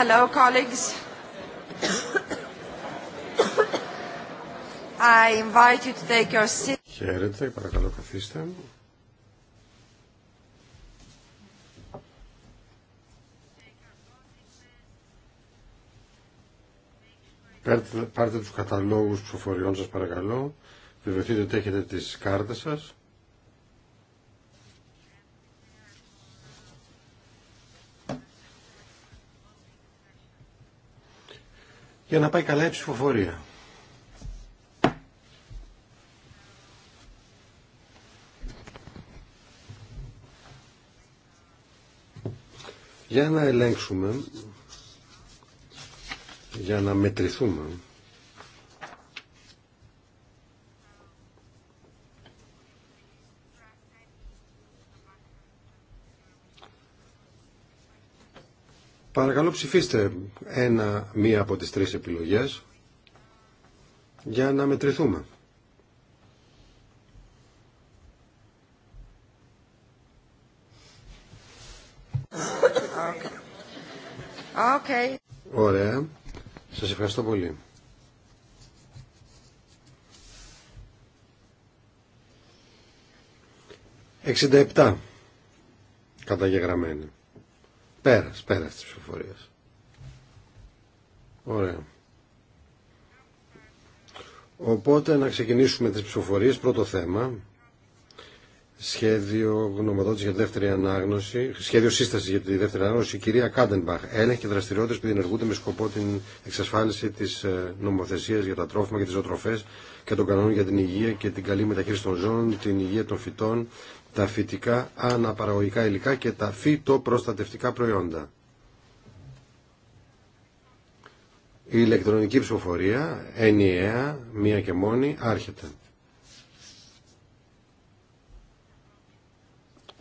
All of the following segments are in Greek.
Hello, colleagues. I invite you to take your seat. Χαίρετε, παρακαλώ καθίστε. Πάρτε, πάρτε τους καταλόγους ψηφοφοριών σας παρακαλώ. Βεβαιωθείτε ότι έχετε τις κάρτες σας. για να πάει καλά η ψηφοφορία. Για να ελέγξουμε, για να μετρηθούμε. Παρακαλώ ψηφίστε ένα, μία από τις τρεις επιλογές για να μετρηθούμε. Okay. Okay. Ωραία. Σας ευχαριστώ πολύ. Εξήντα επτά καταγεγραμμένοι. Πέρα, πέρα της ψηφοφορίας. Ωραία. Οπότε να ξεκινήσουμε τις ψηφοφορίες. Πρώτο θέμα, σχέδιο γνωμοδότηση για τη δεύτερη ανάγνωση, σχέδιο σύσταση για τη δεύτερη ανάγνωση, η κυρία Κάντεμπαχ έλεγχε και δραστηριότητε που διενεργούνται με σκοπό την εξασφάλιση τη ε, νομοθεσία για τα τρόφιμα και τι ζωοτροφέ και των κανόνων για την υγεία και την καλή μεταχείριση των ζώων, την υγεία των φυτών τα φυτικά αναπαραγωγικά υλικά και τα φυτοπροστατευτικά προϊόντα. Η ηλεκτρονική ψηφοφορία, ενιαία, μία και μόνη, άρχεται.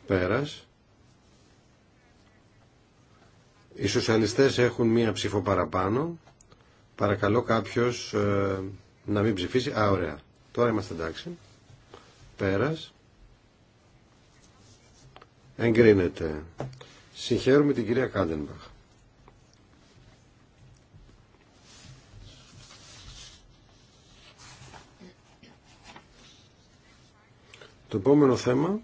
Πέρας. Οι σοσιαλιστές έχουν μία ψήφο παραπάνω. Παρακαλώ κάποιος ε, να μην ψηφίσει. Α, ωραία. Τώρα είμαστε εντάξει. Πέρας. Εγκρίνεται. Συγχαίρουμε την κυρία Κάντενμπαχ. Το επόμενο θέμα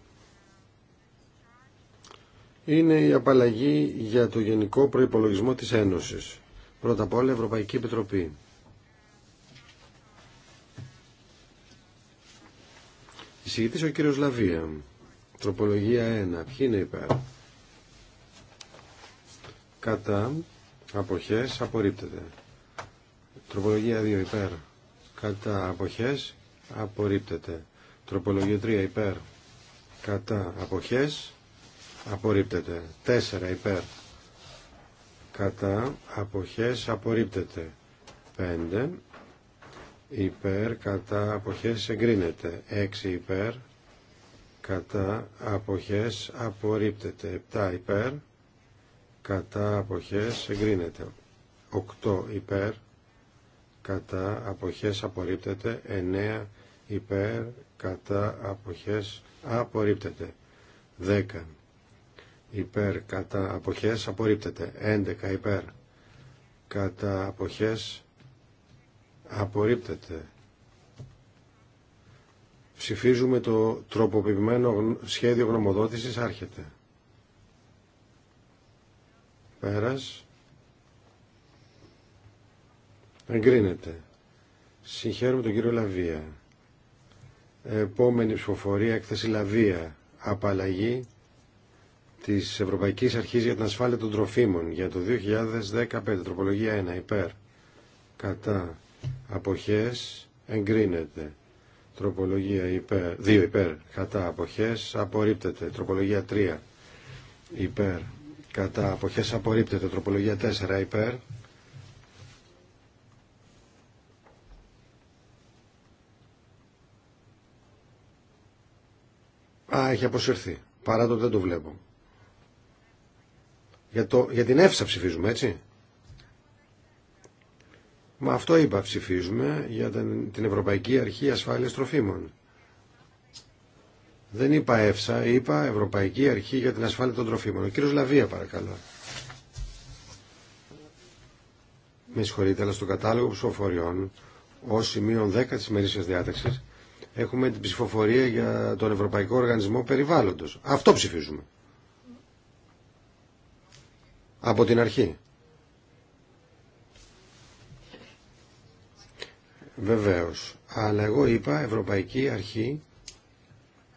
είναι η απαλλαγή για το Γενικό Προϋπολογισμό της Ένωσης. Πρώτα απ' όλα Ευρωπαϊκή Επιτροπή. Εισηγητής ο κύριος Λαβία. Τροπολογία 1. Ποιοι είναι υπέρ. Κατά. Αποχές. Απορρίπτεται. Τροπολογία 2. Υπέρ. Κατά. Αποχές. Απορρίπτεται. Τροπολογία 3. Υπέρ. Κατά. Αποχές. Απορρίπτεται. 4. Υπέρ. Κατά. Αποχές. Απορρίπτεται. 5. Υπέρ. Κατά. Αποχές. Εγκρίνεται. 6. Υπέρ κατά αποχές απορρίπτεται 7 υπέρ κατά αποχές εγκρίνεται 8 υπέρ κατά αποχές απορρίπτεται 9 υπέρ κατά αποχές απορρίπτεται 10 υπέρ κατά αποχές απορρίπτεται 11 υπέρ κατά αποχές απορρίπτεται Ψηφίζουμε το τροποποιημένο σχέδιο γνωμοδότησης. Άρχεται. Πέρας. Εγκρίνεται. Συγχαίρουμε τον κύριο Λαβία. Επόμενη ψηφοφορία, έκθεση Λαβία. Απαλλαγή της Ευρωπαϊκής Αρχής για την Ασφάλεια των Τροφίμων για το 2015. Τροπολογία 1. Υπέρ. Κατά. Αποχές. Εγκρίνεται. Τροπολογία υπέρ, 2 υπέρ κατά αποχές απορρίπτεται. Τροπολογία 3 υπέρ κατά αποχές απορρίπτεται. Τροπολογία 4 υπέρ Α, έχει αποσυρθεί. Παρά το δεν το βλέπω. Για, το, για την εύσα ψηφίζουμε, έτσι. Μα αυτό είπα ψηφίζουμε για την Ευρωπαϊκή Αρχή Ασφάλειας Τροφίμων. Δεν είπα ΕΦΣΑ, είπα Ευρωπαϊκή Αρχή για την Ασφάλεια των Τροφίμων. Ο κύριος Λαβία παρακαλώ. Με συγχωρείτε, αλλά στο κατάλογο ψηφοφοριών ω σημείο 10 της μερίσιας διάταξης έχουμε την ψηφοφορία για τον Ευρωπαϊκό Οργανισμό Περιβάλλοντος. Αυτό ψηφίζουμε. Από την αρχή. Βεβαίως. Αλλά εγώ είπα Ευρωπαϊκή Αρχή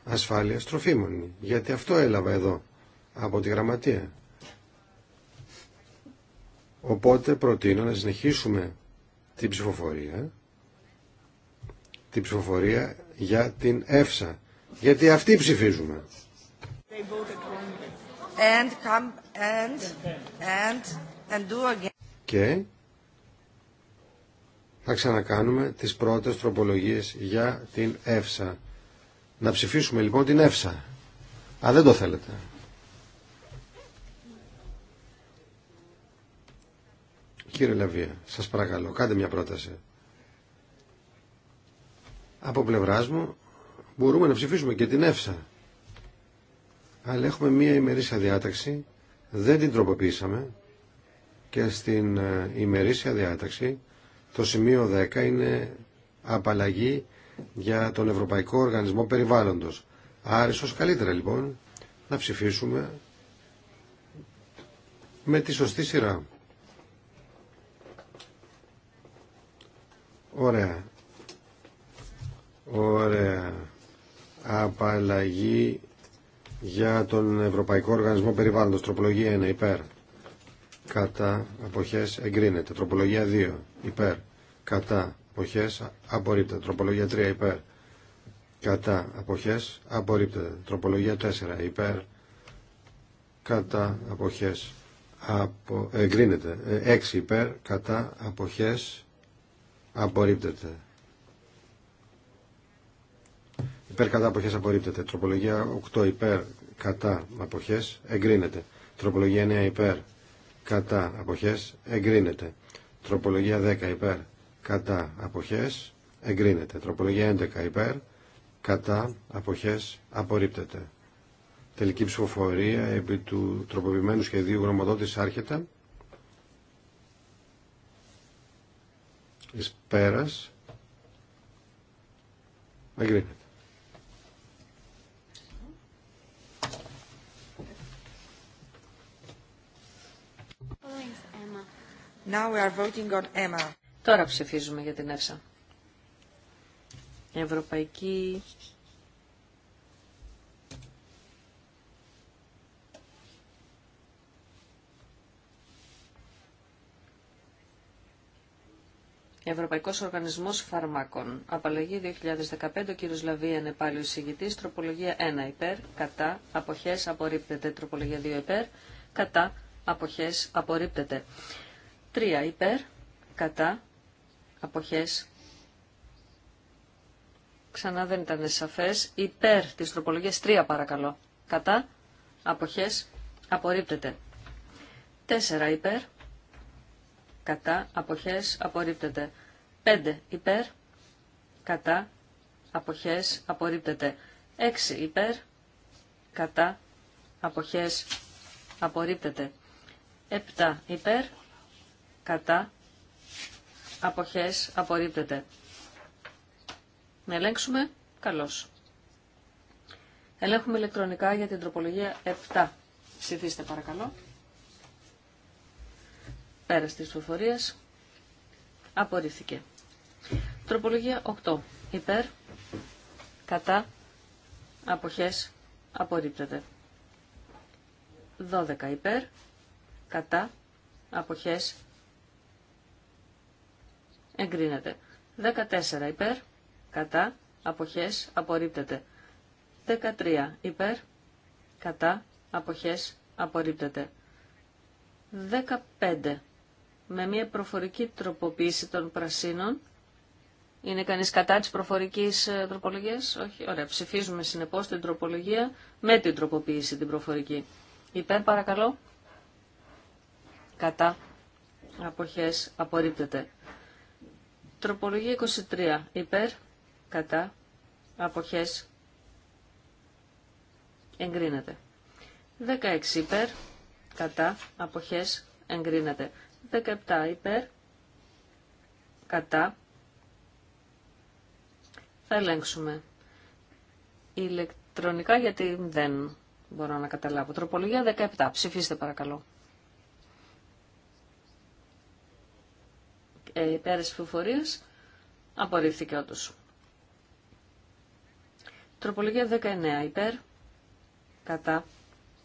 Ασφάλειας Τροφίμων. Γιατί αυτό έλαβα εδώ από τη γραμματεία. Οπότε προτείνω να συνεχίσουμε την ψηφοφορία την ψηφοφορία για την ΕΦΣΑ. Γιατί αυτή ψηφίζουμε. Και θα ξανακάνουμε τις πρώτες τροπολογίες για την ΕΦΣΑ. Να ψηφίσουμε λοιπόν την ΕΦΣΑ. Α, δεν το θέλετε. Κύριε Λαβία, σας παρακαλώ, κάντε μια πρόταση. Από πλευράς μου μπορούμε να ψηφίσουμε και την ΕΦΣΑ. Αλλά έχουμε μια ημερήσια διάταξη, δεν την τροποποιήσαμε και στην ε, ημερήσια διάταξη το σημείο 10 είναι απαλλαγή για τον Ευρωπαϊκό Οργανισμό Περιβάλλοντος. Άριστος καλύτερα λοιπόν να ψηφίσουμε με τη σωστή σειρά. Ωραία. Ωραία. Απαλλαγή για τον Ευρωπαϊκό Οργανισμό Περιβάλλοντος. Τροπολογία 1. Υπέρ κατά αποχές εγκρίνεται. Τροπολογία 2 υπέρ κατά αποχές απορρίπτεται. Τροπολογία 3 υπέρ κατά αποχές απορρίπτεται. Τροπολογία 4 υπέρ κατά αποχές απο, εγκρίνεται. 6 ε, υπέρ κατά αποχές απορρίπτεται. Υπέρ κατά αποχές απορρίπτεται. Τροπολογία 8 υπέρ κατά αποχές εγκρίνεται. Τροπολογία 9 υπέρ κατά αποχές εγκρίνεται. Τροπολογία 10 υπέρ κατά αποχές εγκρίνεται. Τροπολογία 11 υπέρ κατά αποχές απορρίπτεται. Τελική ψηφοφορία επί του τροποποιημένου σχεδίου γνωμοδότης άρχεται. Εις πέρας εγκρίνεται. Τώρα ψηφίζουμε για την ΕΦΣΑ. Ευρωπαϊκή Ευρωπαϊκό Οργανισμό Φαρμάκων. Απαλλαγή 2015. Ο κύριο Λαβία είναι πάλι ο Συγητή. Τροπολογία 1 υπέρ. Κατά. Αποχέ. Απορρίπτεται. Τροπολογία 2 υπέρ. Κατά. Αποχέ. Απορρίπτεται. 3 υπέρ, κατά, αποχές. Ξανά δεν ήταν σαφές. Υπέρ της τροπολογίας 3 παρακαλώ. Κατά, αποχές, απορρίπτεται. 4 υπέρ, κατά, αποχές, απορρίπτεται. 5 υπέρ, κατά, αποχές, απορρίπτεται. 6 υπέρ, κατά, αποχές, απορρίπτεται. 7 υπέρ, κατά, αποχές, απορρίπτεται. Να ελέγξουμε, καλώς. Ελέγχουμε ηλεκτρονικά για την τροπολογία 7. Ψηφίστε παρακαλώ. Πέρα της προφορίες. Απορρίφθηκε. Τροπολογία 8. Υπέρ, κατά, αποχές, απορρίπτεται. 12 υπέρ, κατά, αποχές, εγκρίνεται. 14 υπέρ, κατά, αποχές, απορρίπτεται. 13 υπέρ, κατά, αποχές, απορρίπτεται. 15 με μια προφορική τροποποίηση των πρασίνων. Είναι κανείς κατά της προφορικής ε, τροπολογίας? Όχι. Ωραία. Ψηφίζουμε συνεπώς την τροπολογία με την τροποποίηση την προφορική. Υπέρ παρακαλώ. Κατά. Αποχές απορρίπτεται. Τροπολογία 23. Υπέρ, κατά, αποχές, εγκρίνεται. 16. Υπέρ, κατά, αποχές, εγκρίνεται. 17. Υπέρ, κατά, θα ελέγξουμε. Ηλεκτρονικά γιατί δεν μπορώ να καταλάβω. Τροπολογία 17. Ψηφίστε παρακαλώ. Ε, υπέρ της απορρίφθηκε όντως. Τροπολογία 19 υπέρ, κατά,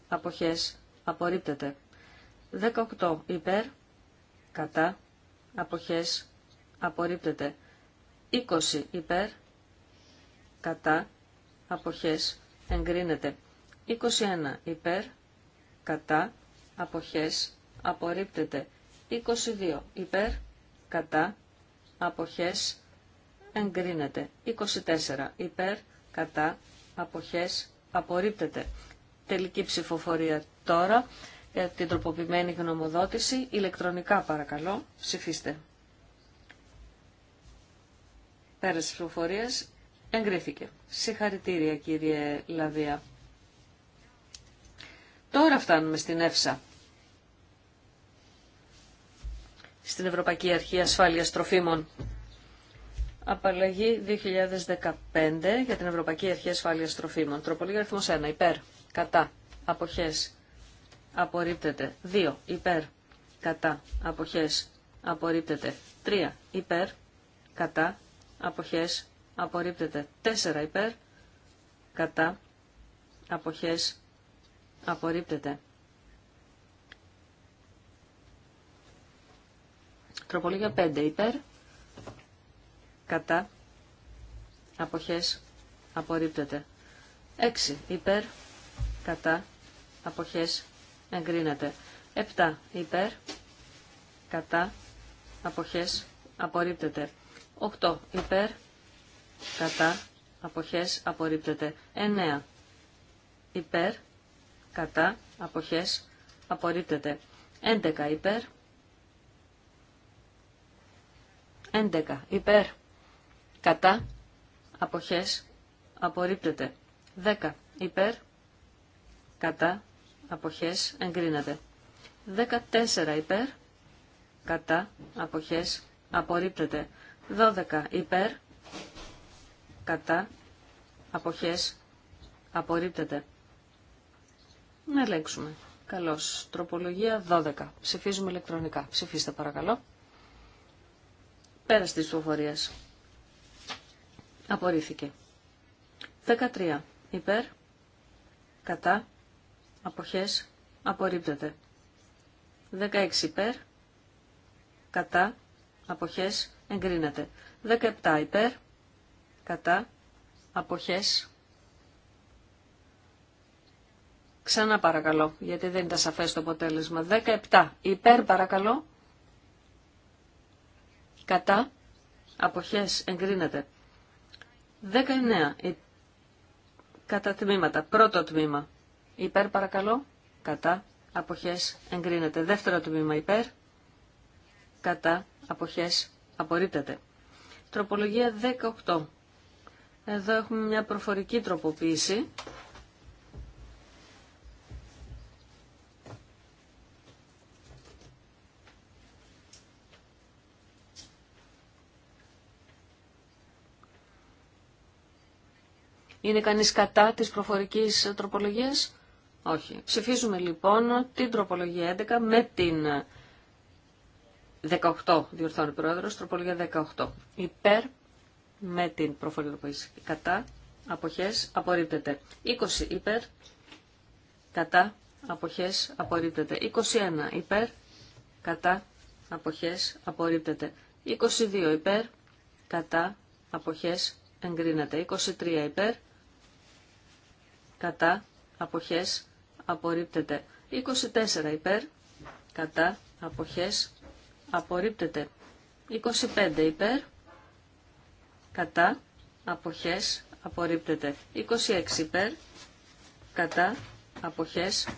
αποχές, απορρίπτεται. 18 υπέρ, κατά, αποχές, απορρίπτεται. 20 υπέρ, κατά, αποχές, εγκρίνεται. 21 υπέρ, κατά, αποχές, απορρίπτεται. 22 υπέρ, κατά, αποχές, εγκρίνεται. 24 υπέρ, κατά, αποχές, απορρίπτεται. Τελική ψηφοφορία τώρα την τροποποιημένη γνωμοδότηση. Ηλεκτρονικά παρακαλώ, ψηφίστε. Πέρας ψηφοφορίας εγκρίθηκε. Συγχαρητήρια κύριε Λαβία. Τώρα φτάνουμε στην Εύσα. στην Ευρωπαϊκή Αρχή Ασφάλειας Τροφίμων. Απαλλαγή 2015 για την Ευρωπαϊκή Αρχή Ασφάλειας Τροφίμων. Τροπολίγα 1. Υπέρ. Κατά. Αποχές. Απορρίπτεται. 2. Υπέρ. Κατά. Αποχές. Απορρίπτεται. 3. Υπέρ. Κατά. Αποχές. Απορρίπτεται. 4. Υπέρ. Κατά. Αποχές. Απορρίπτεται. Τροπολογία 5 υπέρ. Κατά. Αποχές. Απορρίπτεται. 6 υπέρ. Κατά. Αποχές. Εγκρίνεται. 7 υπέρ. Κατά. Αποχές. Απορρίπτεται. 8 υπέρ. Κατά. αποχέ Απορρίπτεται. 9 υπέρ. Κατά. Αποχές. Απορρίπτεται. 11 υπέρ 11 υπέρ κατά αποχές απορρίπτεται. 10 υπέρ κατά αποχές εγκρίνεται. 14 υπέρ κατά αποχές απορρίπτεται. 12 υπέρ κατά αποχές απορρίπτεται. Να ελέγξουμε. Καλώς. Τροπολογία 12. Ψηφίζουμε ηλεκτρονικά. Ψηφίστε παρακαλώ. Πέρας της ψηφοφορίας. Απορρίφθηκε. 13. Υπέρ. Κατά. Αποχές. Απορρίπτεται. 16. Υπέρ. Κατά. Αποχές. Εγκρίνεται. 17. Υπέρ. Κατά. Αποχές. Ξανά παρακαλώ, γιατί δεν ήταν σαφές το αποτέλεσμα. 17. Υπέρ παρακαλώ κατά, αποχές εγκρίνεται. 19. Κατά τμήματα. Πρώτο τμήμα. Υπέρ παρακαλώ. Κατά. Αποχές εγκρίνεται. Δεύτερο τμήμα υπέρ. Κατά. Αποχές απορρίπτεται. Τροπολογία 18. Εδώ έχουμε μια προφορική τροποποίηση Είναι κανείς κατά της προφορικής τροπολογίας? Όχι. Ψηφίζουμε λοιπόν την τροπολογία 11 με την 18, διορθώνει ο Πρόεδρος, τροπολογία 18. Υπέρ με την προφορική τροπολογία. Κατά, αποχές, απορρίπτεται. 20 υπέρ, κατά, αποχές, απορρίπτεται. 21 υπέρ, κατά, αποχές, απορρίπτεται. 22 υπέρ, κατά, αποχές, εγκρίνεται. 23 υπέρ, κατά, αποχές, απορρίπτεται. 24 υπέρ, κατά, αποχές, απορρίπτεται. 25 υπέρ, κατά, αποχές, απορρίπτεται. 26 υπέρ, κατά, αποχές,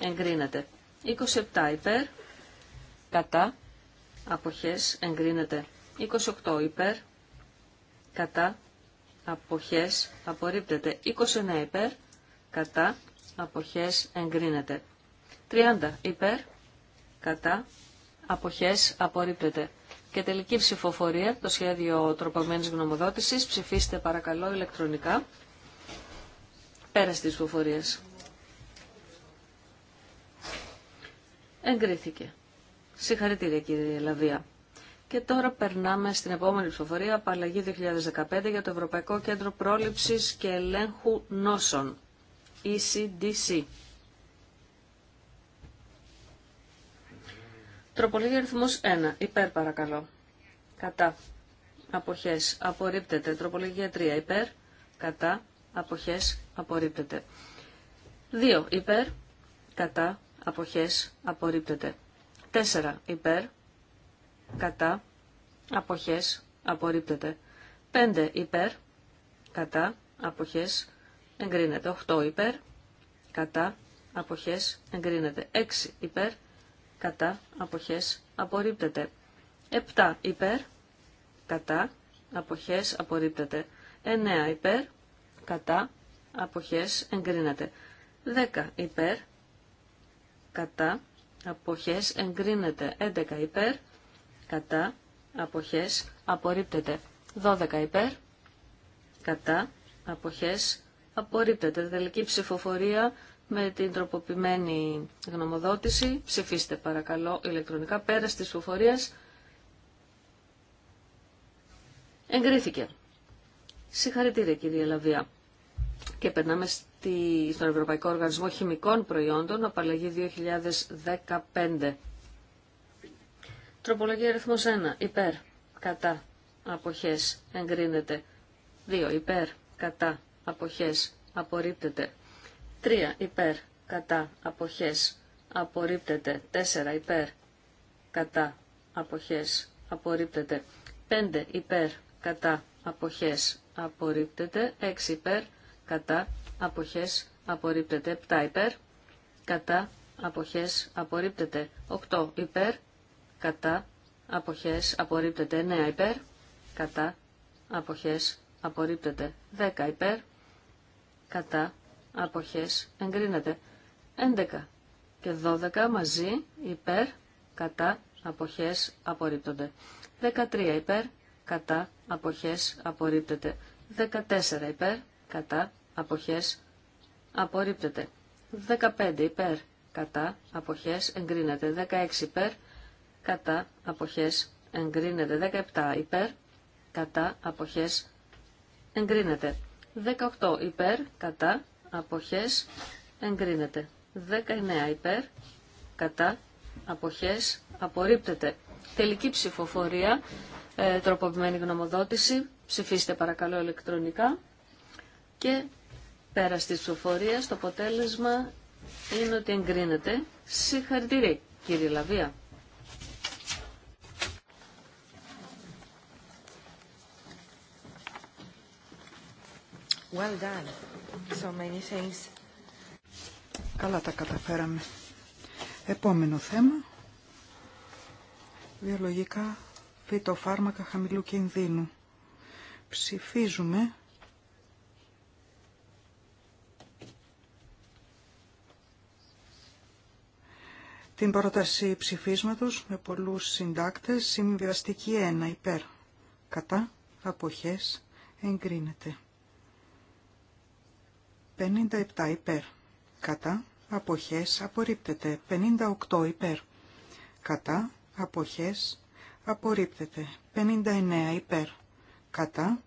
εγκρίνεται. 27 υπέρ, κατά, αποχές, εγκρίνεται. 28 υπέρ, κατά, αποχές, απορρίπτεται. 29 υπέρ, κατά, αποχές εγκρίνεται. 30 υπέρ, κατά, αποχές απορρίπτεται. Και τελική ψηφοφορία, το σχέδιο τροπομένης γνωμοδότησης, ψηφίστε παρακαλώ ηλεκτρονικά, πέρα στις ψηφοφορίες. Εγκρίθηκε. Συγχαρητήρια κύριε Λαβία. Και τώρα περνάμε στην επόμενη ψηφοφορία, απαλλαγή 2015 για το Ευρωπαϊκό Κέντρο Πρόληψης και Ελέγχου Νόσων. ECDC. Τροπολογία αριθμός 1. Υπέρ παρακαλώ. Κατά. Αποχές. Απορρίπτεται. Τροπολογία 3. Υπέρ. Κατά. Αποχές. Απορρίπτεται. 2. Υπέρ. Κατά. Αποχές. Απορρίπτεται. 4. Υπέρ. Κατά. Αποχές. Απορρίπτεται. 5. Υπέρ. Κατά. Αποχές εγκρίνεται. 8 υπέρ, κατά, αποχές, εγκρίνεται. 6 υπέρ, κατά, αποχές, απορρίπτεται. 7 υπέρ, κατά, αποχές, απορρίπτεται. 9 υπέρ, κατά, αποχές, εγκρίνεται. 10 υπέρ, κατά, αποχές, εγκρίνεται. 11 υπέρ, κατά, αποχές, απορρίπτεται. 12 υπέρ, κατά, αποχές, Απορρίπτεται. Τελική ψηφοφορία με την τροποποιημένη γνωμοδότηση. Ψηφίστε παρακαλώ ηλεκτρονικά πέρα της ψηφοφορίας. Εγκρίθηκε. Συγχαρητήρια κύριε Λαβία. Και περνάμε στη, στον Ευρωπαϊκό Οργανισμό Χημικών Προϊόντων, απαλλαγή 2015. Τροπολογία αριθμός 1. Υπέρ. Κατά. Αποχές. Εγκρίνεται. 2. Υπέρ. Κατά αποχές απορρίπτεται. 3 υπέρ κατά αποχές απορρίπτεται. 4 υπέρ κατά αποχές απορρίπτεται. 5 υπέρ κατά αποχές απορρίπτεται. 6 υπέρ κατά αποχές απορρίπτεται. 7 υπέρ κατά αποχές απορρίπτεται. 8 υπέρ κατά αποχές απορρίπτεται. 9 υπέρ κατά αποχές απορρίπτεται. 10 υπέρ κατά, αποχές, εγκρίνεται. 11 και 12 μαζί, υπέρ, κατά, αποχές, απορρίπτονται. 13 υπέρ, κατά, αποχές, απορρίπτεται. 14 υπέρ, κατά, αποχές, απορρίπτεται. 15 υπέρ, κατά, αποχές, εγκρίνεται. 16 υπέρ, κατά, αποχές, εγκρίνεται. 17 υπέρ, κατά, αποχές, εγκρίνεται. 18 υπέρ, κατά, αποχές, εγκρίνεται. 19 υπέρ, κατά, αποχές, απορρίπτεται. Τελική ψηφοφορία, ε, τροποποιημένη γνωμοδότηση, ψηφίστε παρακαλώ ηλεκτρονικά και πέρα στη ψηφοφορία, το αποτέλεσμα είναι ότι εγκρίνεται. Συγχαρητήρια κύριε Λαβία. Καλά τα καταφέραμε. Επόμενο θέμα. Βιολογικά φυτοφάρμακα χαμηλού κινδύνου. Ψηφίζουμε. Την πρόταση ψηφίσματος με πολλούς συντάκτες, συμβιβαστική 1 υπέρ, κατά, αποχές, εγκρίνεται. 57 υπέρ. Κατά αποχές απορρίπτεται. 58 υπέρ. Κατά αποχές απορρίπτεται. 59 υπέρ. Κατά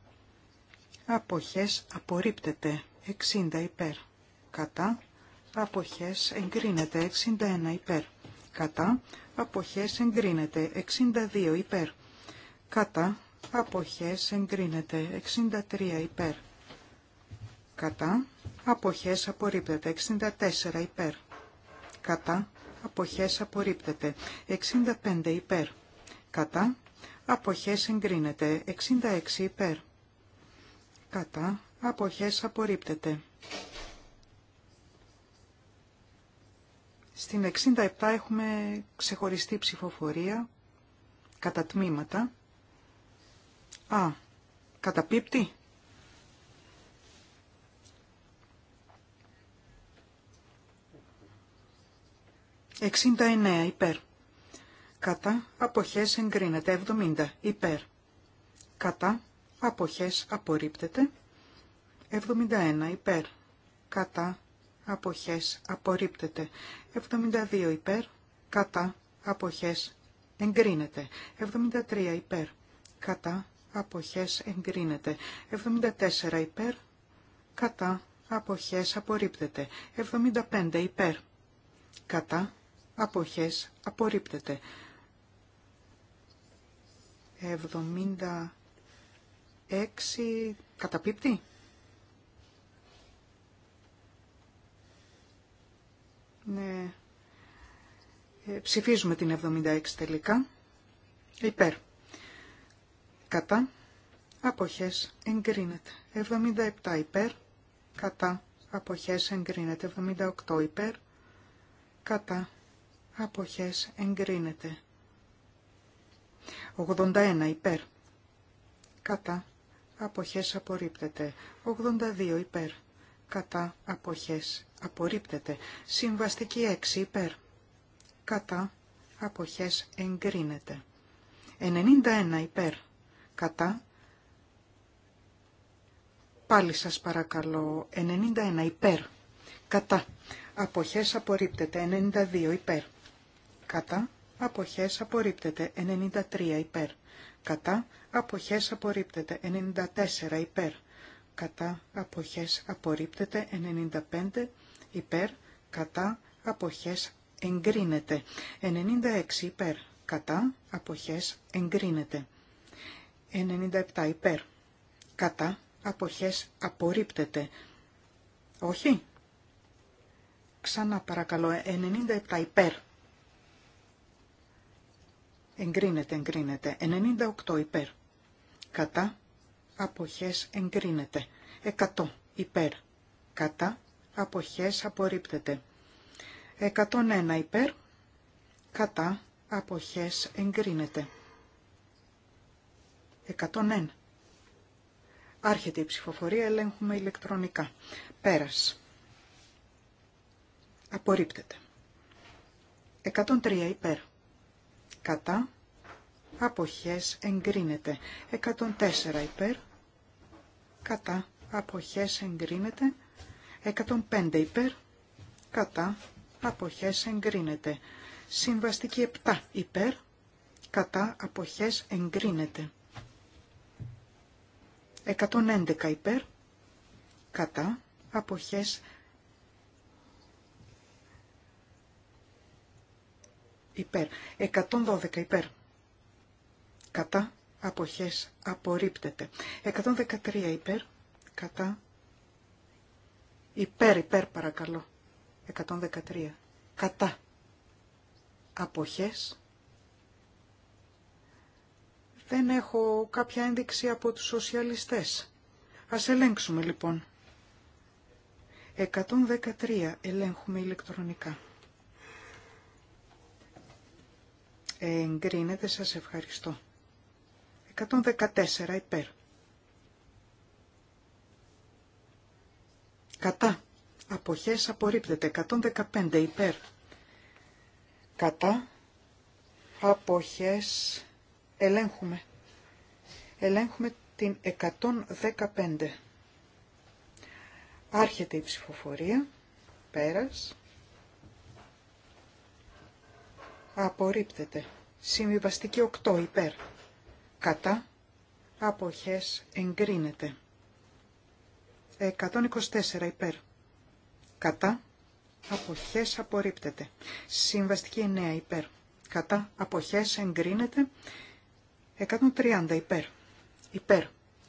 αποχές απορρίπτεται. 60 υπέρ. Κατά αποχές εγκρίνεται. 61 υπέρ. Κατά αποχές εγκρίνεται. 62 υπέρ. Κατά αποχές εγκρίνεται. 63 υπέρ. Κατά αποχές απορρίπτεται. 64 υπέρ. Κατά αποχές απορρίπτεται. 65 υπέρ. Κατά αποχές εγκρίνεται. 66 υπέρ. Κατά αποχές απορρίπτεται. Στην 67 έχουμε ξεχωριστή ψηφοφορία κατά τμήματα. Α, καταπίπτει. 69 υπέρ. Κατά αποχές εγκρίνεται 70 υπέρ. Κατά αποχές απορρίπτεται 71 υπέρ. Κατά αποχές απορρίπτεται 72 υπέρ. Κατά αποχές εγκρίνεται 73 υπέρ. Κατά αποχές εγκρίνεται 74 υπέρ. Κατά αποχές απορρίπτεται 75 υπέρ. Κατά αποχές απορρίπτεται. 76 καταπίπτει. Ναι. Ε, ψηφίζουμε την 76 τελικά. Υπέρ. Κατά. Αποχές εγκρίνεται. 77 υπέρ. Κατά. Αποχές εγκρίνεται. 78 υπέρ. Κατά αποχές εγκρίνεται. 81 υπέρ. Κατά αποχές απορρίπτεται. 82 υπέρ. Κατά αποχές απορρίπτεται. Συμβαστική 6 υπέρ. Κατά αποχές εγκρίνεται. 91 υπέρ. Κατά. Πάλι σας παρακαλώ. 91 υπέρ. Κατά. Αποχές απορρίπτεται. 92 υπέρ κατά, αποχές απορρίπτεται 93 υπέρ, κατά, αποχές απορρίπτεται 94 υπέρ, κατά, αποχές απορρίπτεται 95 υπέρ, κατά, αποχές εγκρίνεται 96 υπέρ, κατά, αποχές εγκρίνεται 97 υπέρ, κατά, αποχές απορρίπτεται. Όχι. Ξανά παρακαλώ, 97 υπέρ Εγκρίνεται, εγκρίνεται. 98 υπέρ. Κατά. Αποχές εγκρίνεται. 100 υπέρ. Κατά. Αποχές απορρίπτεται. 101 υπέρ. Κατά. Αποχές εγκρίνεται. 101. Άρχεται η ψηφοφορία, ελέγχουμε ηλεκτρονικά. Πέρας. Απορρίπτεται. 103 υπέρ κατά, αποχές εγκρίνεται. 104 υπέρ, κατά, αποχές εγκρίνεται. 105 υπέρ, κατά, αποχές εγκρίνεται. Συμβαστική 7 υπέρ, κατά, αποχές εγκρίνεται. 111 υπέρ, κατά, αποχές υπέρ. 112 υπέρ. Κατά αποχές απορρίπτεται. 113 υπέρ. Κατά. Υπέρ, υπέρ παρακαλώ. 113. Κατά. Αποχές. Δεν έχω κάποια ένδειξη από τους σοσιαλιστές. Ας ελέγξουμε λοιπόν. 113 ελέγχουμε ηλεκτρονικά. Εγκρίνεται, σας ευχαριστώ. 114 υπέρ. Κατά. Αποχές απορρίπτεται. 115 υπέρ. Κατά. Αποχές. Ελέγχουμε. Ελέγχουμε την 115. Άρχεται η ψηφοφορία. Πέρας. απορρίπτεται. Συμβιβαστική 8 υπέρ. Κατά αποχές εγκρίνεται. 124 υπέρ. Κατά αποχές απορρίπτεται. Συμβαστική 9 υπέρ. Κατά αποχές εγκρίνεται. 130 υπέρ. Υπέρ.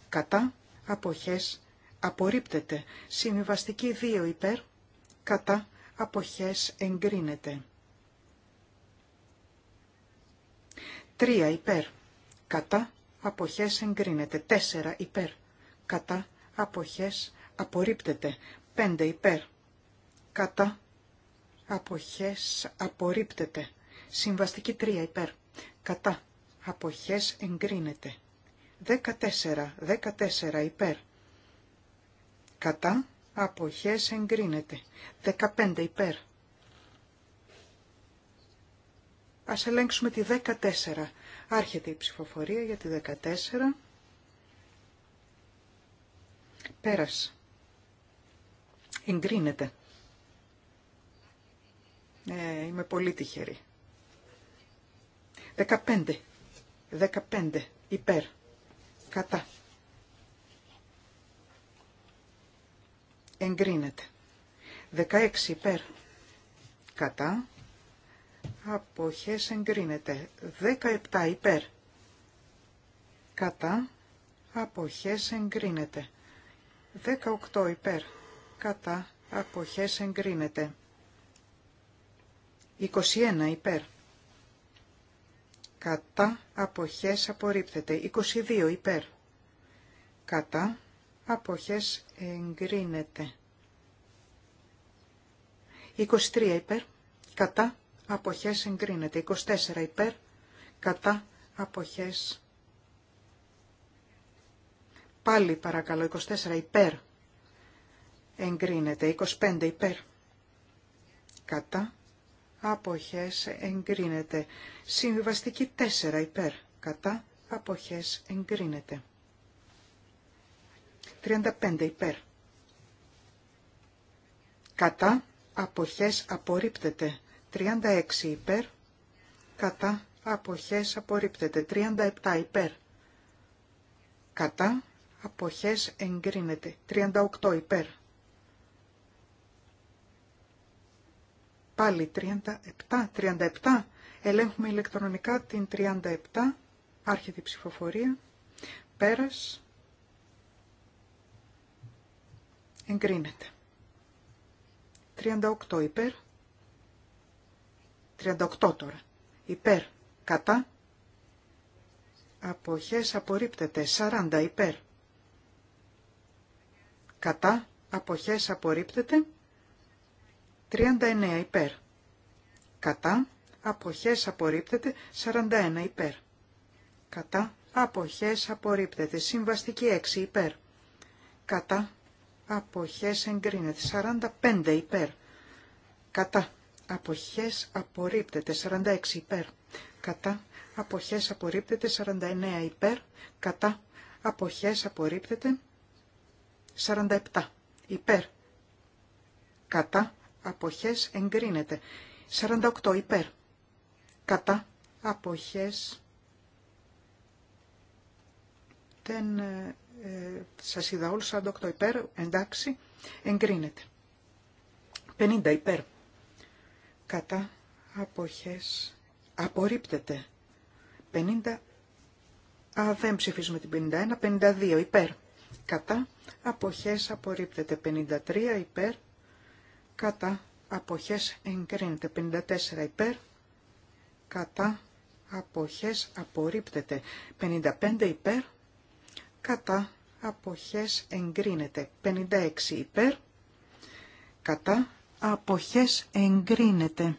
Κατά αποχές απορρίπτεται. Συμβιβαστική 2 υπέρ. Κατά αποχές εγκρίνεται. 3 υπέρ. Κατά αποχές εγκρίνεται. 4 υπέρ. Κατά αποχές απορρίπτεται. 5 υπέρ. Κατά αποχές απορρίπτεται. Συμβαστική 3 υπέρ. Κατά αποχές εγκρίνεται. 14. 14 υπέρ. Κατά αποχές εγκρίνεται. 15 υπέρ. Ας ελέγξουμε τη 14. Άρχεται η ψηφοφορία για τη 14. Πέρασε. Εγκρίνεται. Ε, είμαι πολύ τυχερή. 15. 15. Υπέρ. Κατά. Εγκρίνεται. 16. Υπέρ. Κατά αποχές εγκρίνεται. 17 υπέρ. Κατά αποχές εγκρίνεται. 18 υπέρ. Κατά αποχές εγκρίνεται. 21 υπέρ. Κατά αποχές απορρίπτεται. 22 υπέρ. Κατά αποχές εγκρίνεται. 23 υπέρ. Κατά αποχές εγκρίνεται. 24 υπέρ, κατά, αποχές. Πάλι παρακαλώ, 24 υπέρ, εγκρίνεται. 25 υπέρ, κατά, αποχές εγκρίνεται. Συμβιβαστική 4 υπέρ, κατά, αποχές εγκρίνεται. 35 υπέρ. Κατά, αποχές απορρίπτεται. 36 υπέρ, κατά αποχές απορρίπτεται. 37 υπέρ, κατά αποχές εγκρίνεται. 38 υπέρ. Πάλι 37, 37. Ελέγχουμε ηλεκτρονικά την 37, άρχεται ψηφοφορία, πέρας, εγκρίνεται. 38 υπέρ, 38 τώρα. Υπέρ. Κατά. Αποχές απορρίπτεται. 40 υπέρ. Κατά. Αποχές απορρίπτεται. 39 υπέρ. Κατά. Αποχές απορρίπτεται. 41 υπέρ. Κατά. Αποχές απορρίπτεται. Συμβαστική 6 υπέρ. Κατά. Αποχές εγκρίνεται. 45 υπέρ. Κατά αποχές απορρίπτεται 46 υπέρ κατά αποχές απορρίπτεται 49 υπέρ κατά αποχές απορρίπτεται 47 υπέρ κατά αποχές εγκρίνεται 48 υπέρ κατά αποχές δεν ε, ε σας είδα όλους 48 υπέρ εντάξει εγκρίνεται 50 υπέρ κατά αποχές απορρίπτεται. 50, α δεν ψηφίζουμε την 51, 52 υπέρ, κατά αποχές απορρίπτεται. 53 υπέρ, κατά αποχές εγκρίνεται. 54 υπέρ, κατά αποχές απορρίπτεται. 55 υπέρ, κατά αποχές εγκρίνεται. 56 υπέρ, κατά αποχές εγκρίνεται.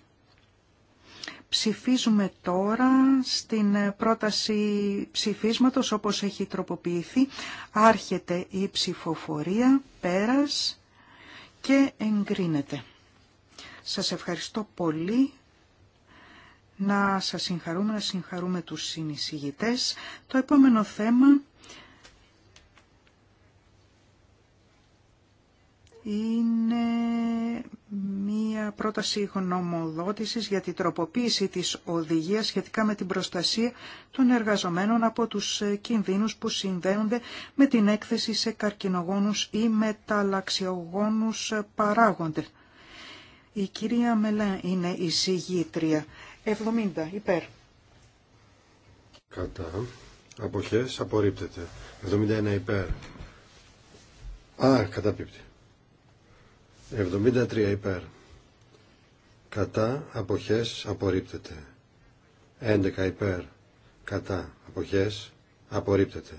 Ψηφίζουμε τώρα στην πρόταση ψηφίσματος όπως έχει τροποποιηθεί. Άρχεται η ψηφοφορία, πέρας και εγκρίνεται. Σας ευχαριστώ πολύ. Να σας συγχαρούμε, να συγχαρούμε τους συνεισηγητές. Το επόμενο θέμα είναι μία πρόταση γνωμοδότησης για την τροποποίηση της οδηγίας σχετικά με την προστασία των εργαζομένων από τους κινδύνους που συνδέονται με την έκθεση σε καρκινογόνους ή μεταλλαξιογόνους παράγοντες. Η κυρία Μελά είναι η συγγήτρια. 70 υπέρ. Κατά. Αποχές απορρίπτεται. 71 υπέρ. Α, καταπίπτει. 73 υπέρ. Κατά αποχές απορρίπτεται. 11 υπέρ. Κατά αποχές απορρίπτεται.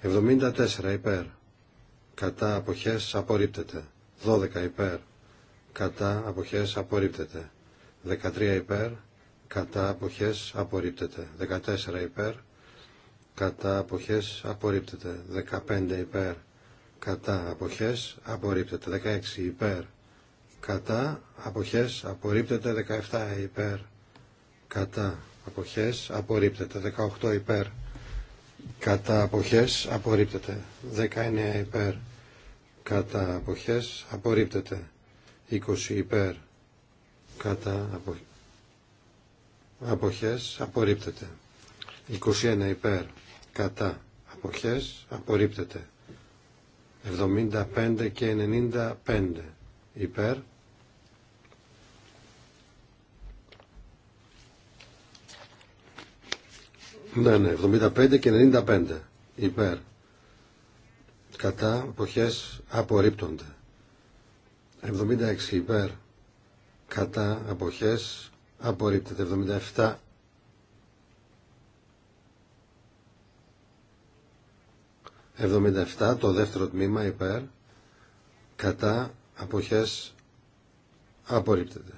74 υπέρ. Κατά αποχές απορρίπτεται. 12 υπέρ. Κατά αποχές απορρίπτεται. 13 υπέρ. Κατά αποχές απορρίπτεται. 14 υπέρ κατά αποχές απορρίπτεται 15 υπέρ κατά αποχές απορρίπτεται 16 υπέρ κατά αποχές απορρίπτεται 17 υπέρ κατά αποχές απορρίπτεται 18 υπέρ κατά αποχές απορρίπτεται 19 υπέρ κατά αποχές απορρίπτεται 20 υπέρ κατά αποχές απορρίπτεται 21 υπέρ κατά αποχές απορρίπτεται 75 και 95 υπέρ ναι ναι 75 και 95 υπέρ κατά αποχές απορρίπτονται 76 υπέρ κατά αποχές απορρίπτεται 77 77 το δεύτερο τμήμα υπέρ κατά αποχές απορρίπτεται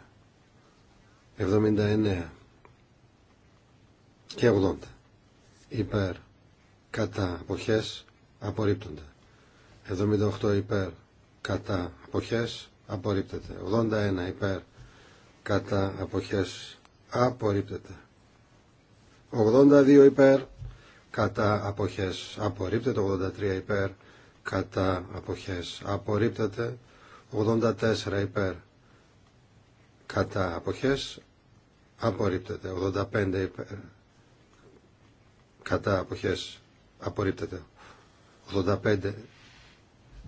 79 και 80 υπέρ κατά αποχές απορρίπτονται 78 υπέρ κατά αποχές απορρίπτεται 81 υπέρ κατά αποχές απορρίπτεται 82 υπέρ κατά αποχές απορρίπτεται 83 υπέρ κατά αποχές απορρίπτεται 84 υπέρ κατά αποχές απορρίπτεται 85 υπέρ κατά αποχές απορρίπτεται 85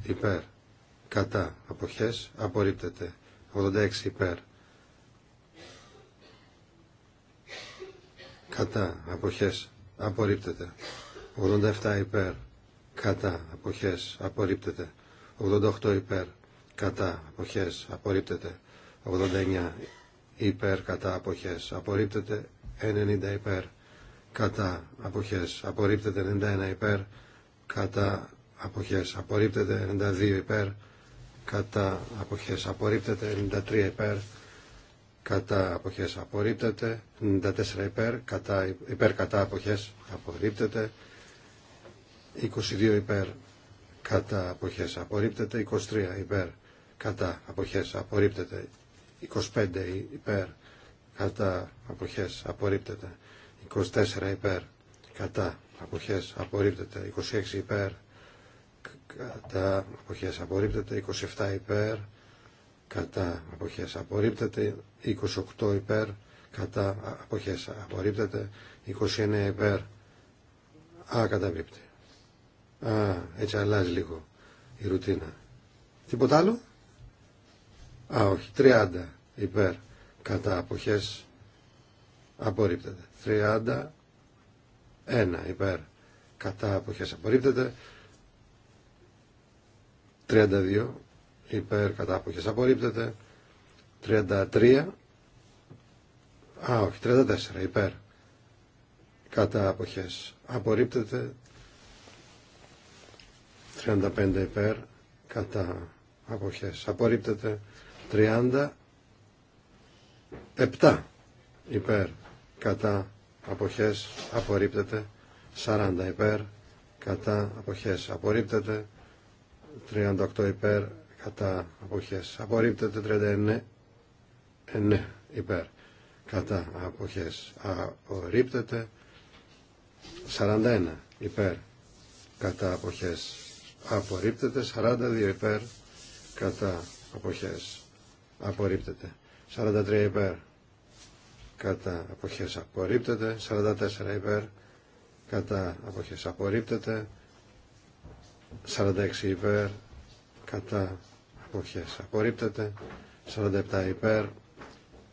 υπέρ κατά αποχές απορρίπτεται 86 υπέρ κατά αποχές απορρίπτεται. 87 υπέρ κατά αποχές απορρίπτεται. 88 υπέρ κατά αποχές απορρίπτεται. 89 υπέρ κατά αποχές απορρίπτεται. 90 υπέρ κατά αποχές απορρίπτεται. 91 υπέρ κατά αποχές απορρίπτεται. 92 υπέρ κατά αποχές απορρίπτεται. 93 υπέρ κατά αποχές απορρίπτεται, 94 υπέρ, κατά, υπέρ κατά αποχές απορρίπτεται, 22 υπέρ κατά αποχές απορρίπτεται, 23 υπέρ κατά αποχές απορρίπτεται, 25 υπέρ κατά αποχές απορρίπτεται, 24 υπέρ κατά αποχές απορρίπτεται, 26 υπέρ κατά αποχές απορρίπτεται, 27 υπέρ κατά αποχές απορρίπτεται 28 υπέρ κατά αποχές απορρίπτεται 29 υπέρ α καταπίπτει α έτσι αλλάζει λίγο η ρουτίνα τίποτα άλλο α όχι 30 υπέρ κατά αποχές απορρίπτεται 31 υπέρ κατά αποχές απορρίπτεται 32 υπέρ κατά αποχές απορρίπτεται 33 α όχι 34 υπέρ κατά αποχές απορρίπτεται 35 υπέρ κατά αποχές απορρίπτεται 37 υπέρ κατά αποχές απορρίπτεται 40 υπέρ κατά αποχές απορρίπτεται 38 υπέρ κατά αποχές απορρίπτεται 39 9 υπέρ κατά αποχές απορρίπτεται 41 υπέρ κατά αποχές απορρίπτεται 42 υπέρ κατά αποχές απορρίπτεται 43 υπέρ κατά αποχές απορρίπτεται 44 υπέρ κατά αποχές απορρίπτεται 46 υπέρ κατά αποχές απορρίπτεται 47 υπέρ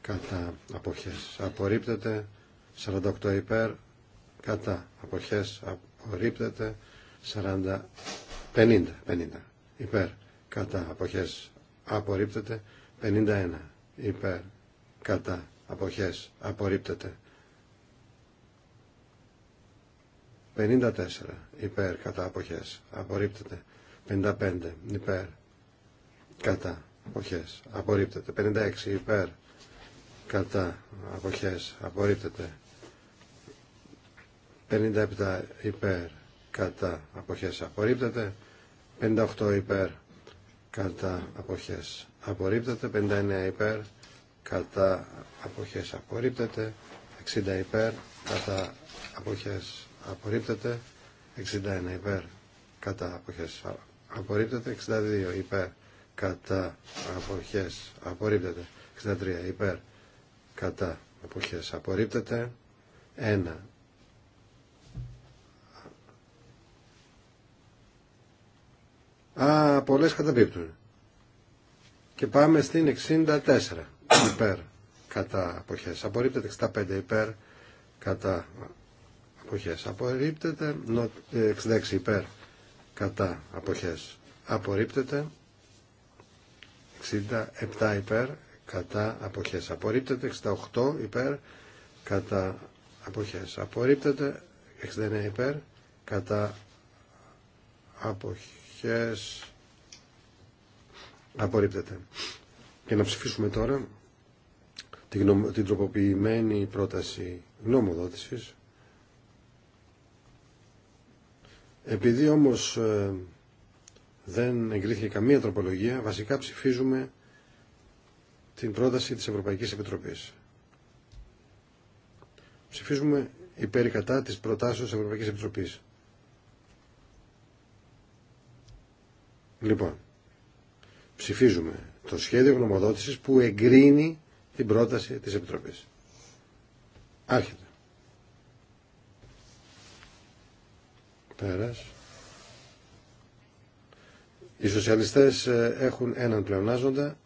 κατά αποχές απορρίπτεται 48 υπέρ κατά αποχές απορρίπτεται 40, 50, υπέρ κατά αποχές απορρίπτεται 51 υπέρ κατά αποχές απορρίπτεται 54 υπέρ κατά αποχές απορρίπτεται 55 υπέρ κατά αποχές απορρίπτεται 56 υπέρ κατά αποχές απορρίπτεται 57 υπέρ κατά αποχές απορρίπτεται 58 υπέρ κατά αποχές απορρίπτεται 59 υπέρ κατά αποχές απορρίπτεται 60 υπέρ κατά αποχές απορρίπτεται 61 υπέρ κατά αποχές απορρίπτεται 62 υπέρ κατά αποχές απορρίπτεται 63 υπέρ κατά αποχές απορρίπτεται 1 Α, πολλές καταπίπτουν. Και πάμε στην 64 υπέρ κατά αποχές απορρίπτεται, 65 υπέρ κατά αποχές απορρίπτεται, 66 ε, υπέρ κατά αποχές απορρίπτεται, 67 υπέρ κατά αποχές απορρίπτεται 68 υπέρ κατά αποχές απορρίπτεται 69 υπέρ κατά αποχές απορρίπτεται και να ψηφίσουμε τώρα την, την τροποποιημένη πρόταση γνωμοδότησης επειδή όμως ε, δεν εγκρίθηκε καμία τροπολογία, βασικά ψηφίζουμε την πρόταση της Ευρωπαϊκής Επιτροπής. Ψηφίζουμε υπέρ κατά της προτάσεως της Ευρωπαϊκής Επιτροπής. Λοιπόν, ψηφίζουμε το σχέδιο γνωμοδότησης που εγκρίνει την πρόταση της Επιτροπής. Άρχεται. Πέρας. Οι σοσιαλιστές ε, έχουν έναν πλεονάζοντα.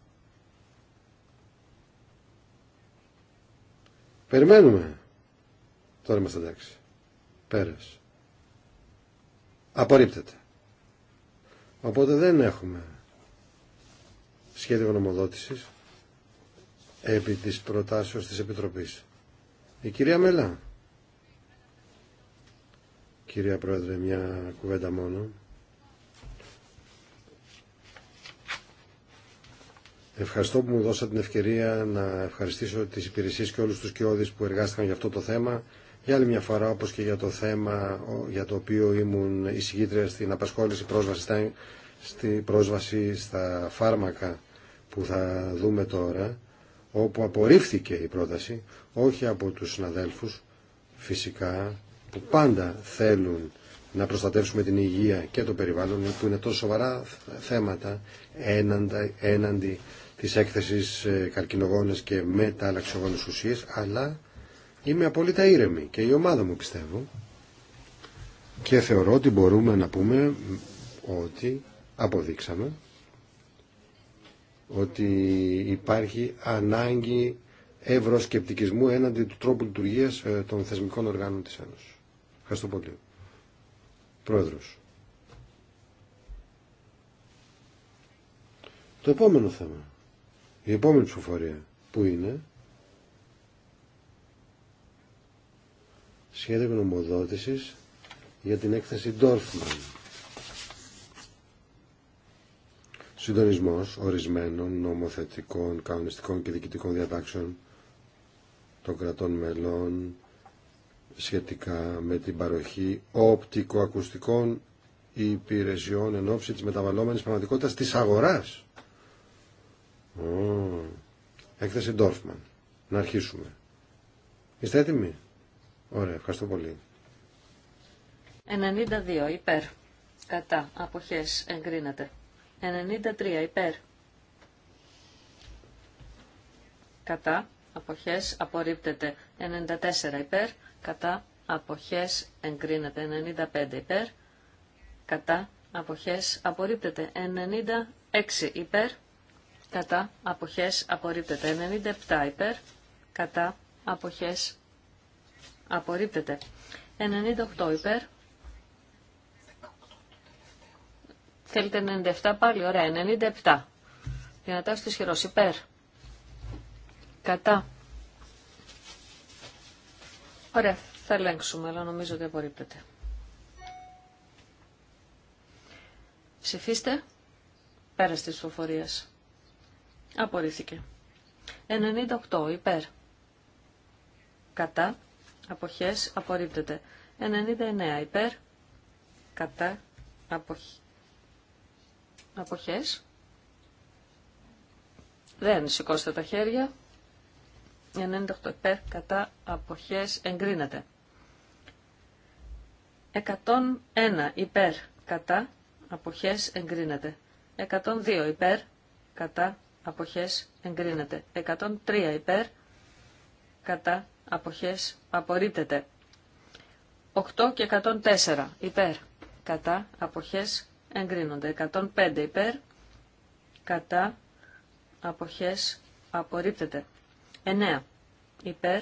Περιμένουμε. Τώρα είμαστε εντάξει. Πέρας. Απορρίπτεται. Οπότε δεν έχουμε σχέδιο νομοδότησης επί της προτάσεως της Επιτροπής. Η κυρία Μελά. Κυρία Πρόεδρε, μια κουβέντα μόνο. Ευχαριστώ που μου δώσατε την ευκαιρία να ευχαριστήσω τις υπηρεσίες και όλους τους κοιόδης που εργάστηκαν για αυτό το θέμα. Για άλλη μια φορά, όπως και για το θέμα για το οποίο ήμουν εισηγήτρια στην απασχόληση πρόσβαση στα, στη πρόσβαση στα φάρμακα που θα δούμε τώρα, όπου απορρίφθηκε η πρόταση, όχι από τους συναδέλφους, φυσικά, που πάντα θέλουν να προστατεύσουμε την υγεία και το περιβάλλον, που είναι τόσο σοβαρά θέματα έναντι της έκθεσης ε, καρκινογόνες και μεταλλαξιογόνες ουσίες, αλλά είμαι απόλυτα ήρεμη και η ομάδα μου πιστεύω. Και θεωρώ ότι μπορούμε να πούμε ότι αποδείξαμε ότι υπάρχει ανάγκη ευρωσκεπτικισμού έναντι του τρόπου λειτουργίας ε, των θεσμικών οργάνων της Ένωσης. Ευχαριστώ πολύ. Πρόεδρος. Το επόμενο θέμα. Η επόμενη ψηφοφορία που είναι σχέδιο γνωμοδότησης για την έκθεση Dorfman. Συντονισμός ορισμένων νομοθετικών, κανονιστικών και διοικητικών διατάξεων των κρατών μελών σχετικά με την παροχή οπτικοακουστικών υπηρεσιών εν ώψη της μεταβαλλόμενης πραγματικότητας της αγοράς. Έκθεση Ντόρφμαν. Να αρχίσουμε. Είστε έτοιμοι. Ωραία, ευχαριστώ πολύ. 92 υπέρ. Κατά. Αποχές εγκρίνεται. 93 υπέρ. Κατά. Αποχές απορρίπτεται. 94 υπέρ. Κατά. Αποχές εγκρίνεται. 95 υπέρ. Κατά. Αποχές απορρίπτεται. 96 υπέρ κατά αποχές απορρίπτεται. 97 υπέρ, κατά αποχές απορρίπτεται. 98 υπέρ. Θέλετε 97 πάλι, ωραία, 97. Δυνατά τη χειρός υπέρ. Κατά. Ωραία, θα ελέγξουμε, αλλά νομίζω ότι απορρίπτεται. Ψηφίστε πέρα της ψηφοφορίας. Απορρίφθηκε. 98 υπέρ. Κατά. Αποχές. Απορρίπτεται. 99 υπέρ. Κατά. Αποχ... Αποχές. Δεν σηκώστε τα χέρια. 98 υπέρ. Κατά. Αποχές. Εγκρίνεται. 101 υπέρ. Κατά. Αποχές. Εγκρίνεται. 102 υπέρ. Κατά αποχές εγκρίνεται. 103 υπέρ, κατά, αποχές απορρίπτεται. 8 και 104 υπέρ, κατά, αποχές εγκρίνονται. 105 υπέρ, κατά, αποχές απορρίπτεται. 9 υπέρ,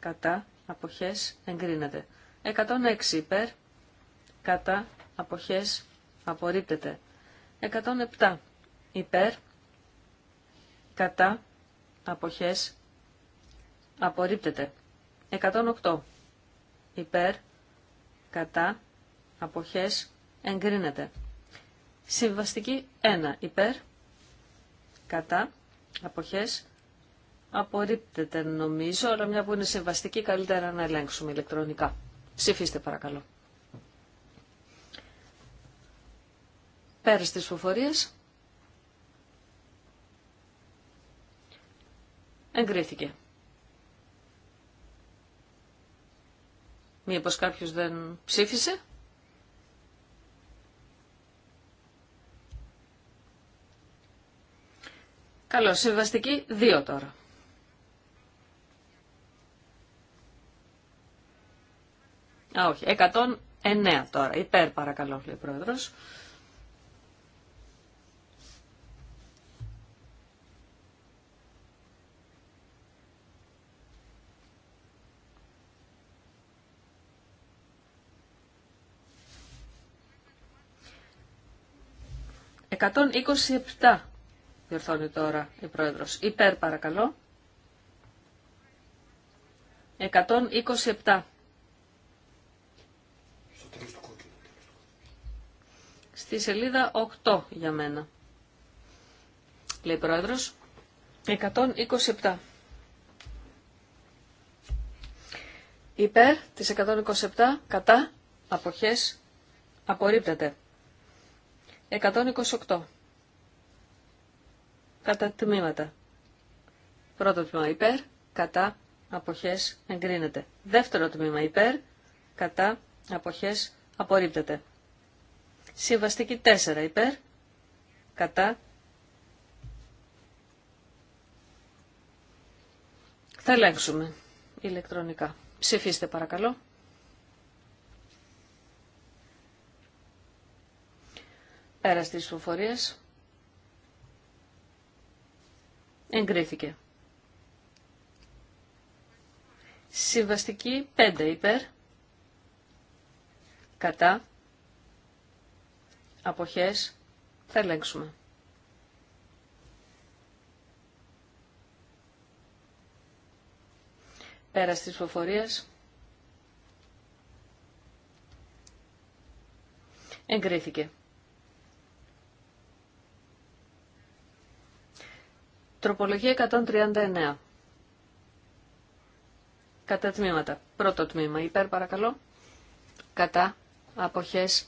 κατά, αποχές εγκρίνεται. 106 υπέρ, κατά, αποχές απορρίπτεται. 107 υπέρ, κατά, αποχές, απορρίπτεται. 108. Υπέρ, κατά, αποχές, εγκρίνεται. Συμβαστική 1. Υπέρ, κατά, αποχές, απορρίπτεται νομίζω, αλλά μια που είναι συμβαστική καλύτερα να ελέγξουμε ηλεκτρονικά. Ψηφίστε παρακαλώ. Πέρα της φοφορίες, εγκρίθηκε. Μήπως κάποιος δεν ψήφισε. Καλώς, συμβαστική 2 τώρα. Α, όχι, 109 τώρα. Υπέρ παρακαλώ, λέει ο Πρόεδρος. 127 διορθώνει τώρα η πρόεδρος. Υπέρ παρακαλώ. 127. Στη σελίδα 8 για μένα. Λέει πρόεδρος. 127. Υπέρ της 127 κατά αποχές απορρίπτεται. 128. Κατά τμήματα. Πρώτο τμήμα υπέρ, κατά, αποχές, εγκρίνεται. Δεύτερο τμήμα υπέρ, κατά, αποχές, απορρίπτεται. Συμβαστική 4 υπέρ, κατά. Θα ελέγξουμε ηλεκτρονικά. Ψηφίστε παρακαλώ. Πέρα στις φοφορίες. Εγκρίθηκε. Συμβαστική 5 υπέρ. Κατά. Αποχές. Θα ελέγξουμε. Πέρα στις φοφορίες. Εγκρίθηκε. Τροπολογία 139. Κατά τμήματα. Πρώτο τμήμα. Υπέρ παρακαλώ. Κατά. Αποχές.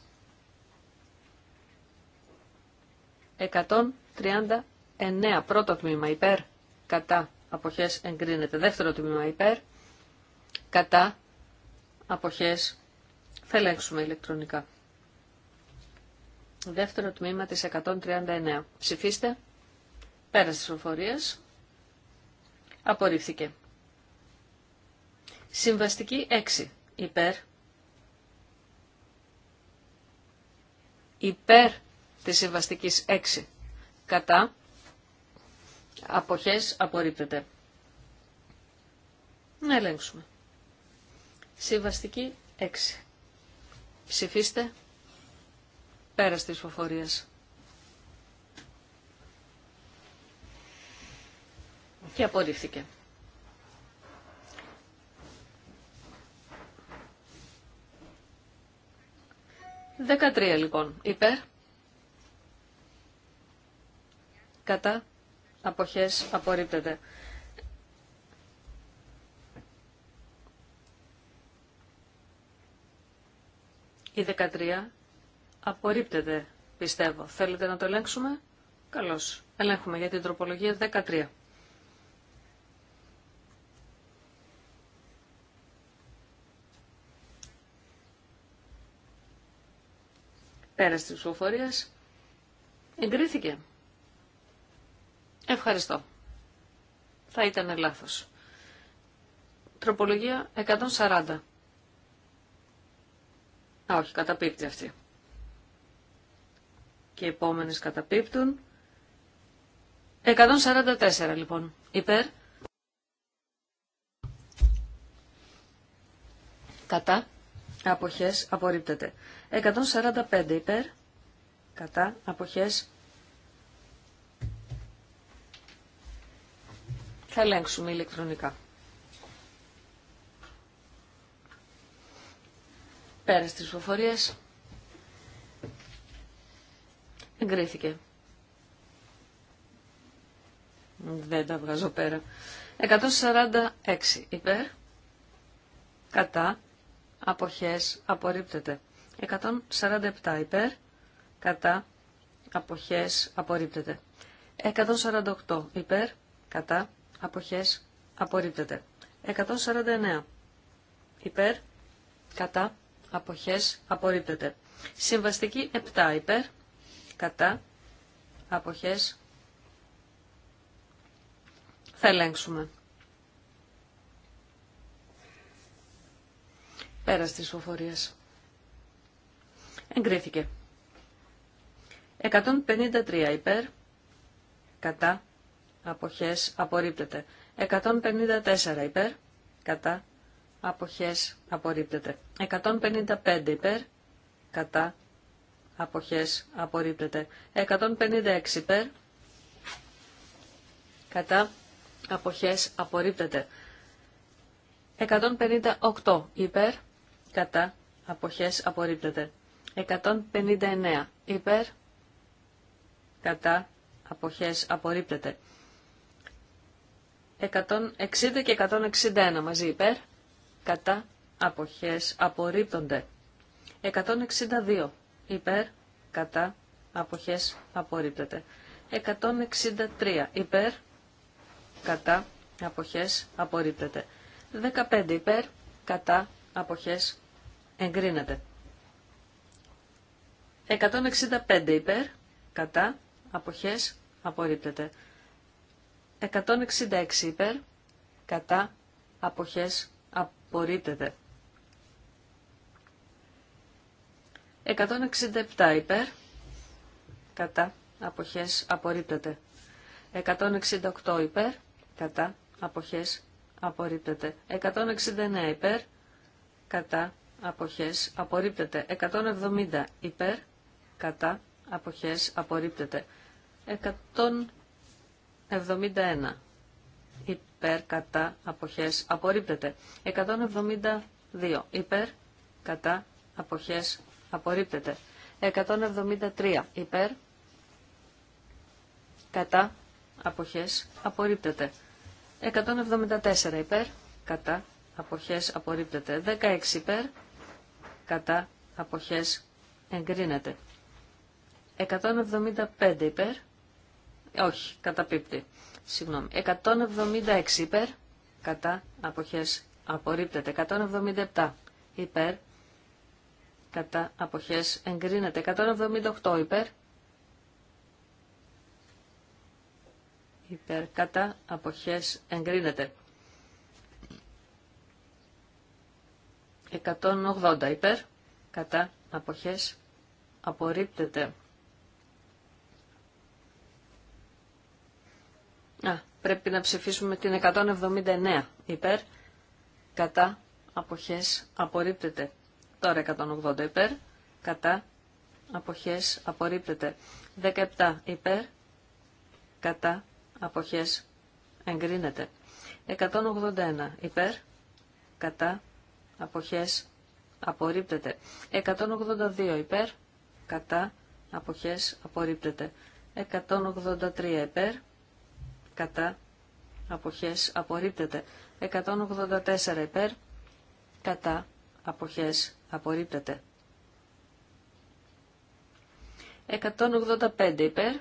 139. Πρώτο τμήμα. Υπέρ. Κατά. Αποχές εγκρίνεται. Δεύτερο τμήμα. Υπέρ. Κατά. Αποχές. Θα ελέγξουμε ηλεκτρονικά. Δεύτερο τμήμα της 139. Ψηφίστε. Πέρασε τις προφορίες. Απορρίφθηκε. Συμβαστική 6. Υπέρ. Υπέρ της συμβαστικής 6. Κατά. Αποχές απορρίπτεται. Να ελέγξουμε. Συμβαστική 6. Ψηφίστε. Πέρας της φοφορίας. και απορρίφθηκε. Δεκατρία λοιπόν. Υπέρ. Κατά. Αποχές απορρίπτεται. Η 13 απορρίπτεται, πιστεύω. Θέλετε να το ελέγξουμε. Καλώς. Ελέγχουμε για την τροπολογία 13. Πέρα τη ψηφοφορία. Εγκρίθηκε. Ευχαριστώ. Θα ήταν λάθος. Τροπολογία 140. Α, όχι, καταπίπτει αυτή. Και οι επόμενες καταπίπτουν. 144 λοιπόν. Υπέρ. Κατά αποχές απορρίπτεται. 145 υπέρ, κατά, αποχές. Θα ελέγξουμε ηλεκτρονικά. Πέρα στις φοφορίες. Εγκρίθηκε. Δεν τα βγάζω πέρα. 146 υπέρ, κατά, αποχές απορρίπτεται. 147 υπέρ, κατά, αποχές απορρίπτεται. 148 υπέρ, κατά, αποχές απορρίπτεται. 149 υπέρ, κατά, αποχές απορρίπτεται. Συμβαστική 7 υπέρ, κατά, αποχές θα ελέγξουμε. Πέρα τη ψηφοφορία. Εγκρίθηκε. 153 υπέρ. Κατά. Αποχές. Απορρίπτεται. 154 υπέρ. Κατά. Αποχές. Απορρίπτεται. 155 υπέρ. Κατά. Αποχές. Απορρίπτεται. 156 υπέρ. Κατά. Αποχές. Απορρίπτεται. 158 υπέρ κατά αποχές απορρίπτεται. 159 υπέρ κατά αποχές απορρίπτεται. 160 και 161 μαζί υπέρ κατά αποχές απορρίπτονται. 162 υπέρ κατά αποχές απορρίπτεται. 163 υπέρ κατά αποχές απορρίπτεται. 15 υπέρ κατά αποχές εγκρίνεται. 165 υπέρ, κατά, αποχές, απορρίπτεται. 166 υπέρ, κατά, αποχές, απορρίπτεται. 167 υπέρ, κατά, αποχές, απορρίπτεται. 168 υπέρ, κατά, αποχές, απορρίπτεται. 169 υπέρ, κατά, αποχές απορρίπτεται 170 υπέρ κατά αποχές απορρίπτεται 171 υπέρ κατά αποχές απορρίπτεται 172 υπέρ κατά αποχές απορρίπτεται 173 υπέρ κατά αποχές απορρίπτεται 174 υπέρ κατά αποχές απορρίπτεται 16 υπέρ κατά αποχές εγκρίνεται. 175 υπέρ, όχι, καταπίπτει, συγγνώμη. 176 υπέρ, κατά αποχές απορρίπτεται. 177 υπέρ, κατά αποχές εγκρίνεται. 178 υπέρ, υπέρ κατά αποχές εγκρίνεται. 180 υπέρ, κατά αποχές απορρίπτεται. Α, πρέπει να ψηφίσουμε την 179 υπέρ, κατά αποχές απορρίπτεται. Τώρα 180 υπέρ, κατά αποχές απορρίπτεται. 17 υπέρ, κατά αποχές εγκρίνεται. 181 υπέρ, κατά αποχές απορρίπτεται. 182 υπέρ, κατά, αποχές απορρίπτεται. 183 υπέρ, κατά, αποχές απορρίπτεται. 184 υπέρ, κατά, αποχές απορρίπτεται. 185 υπέρ,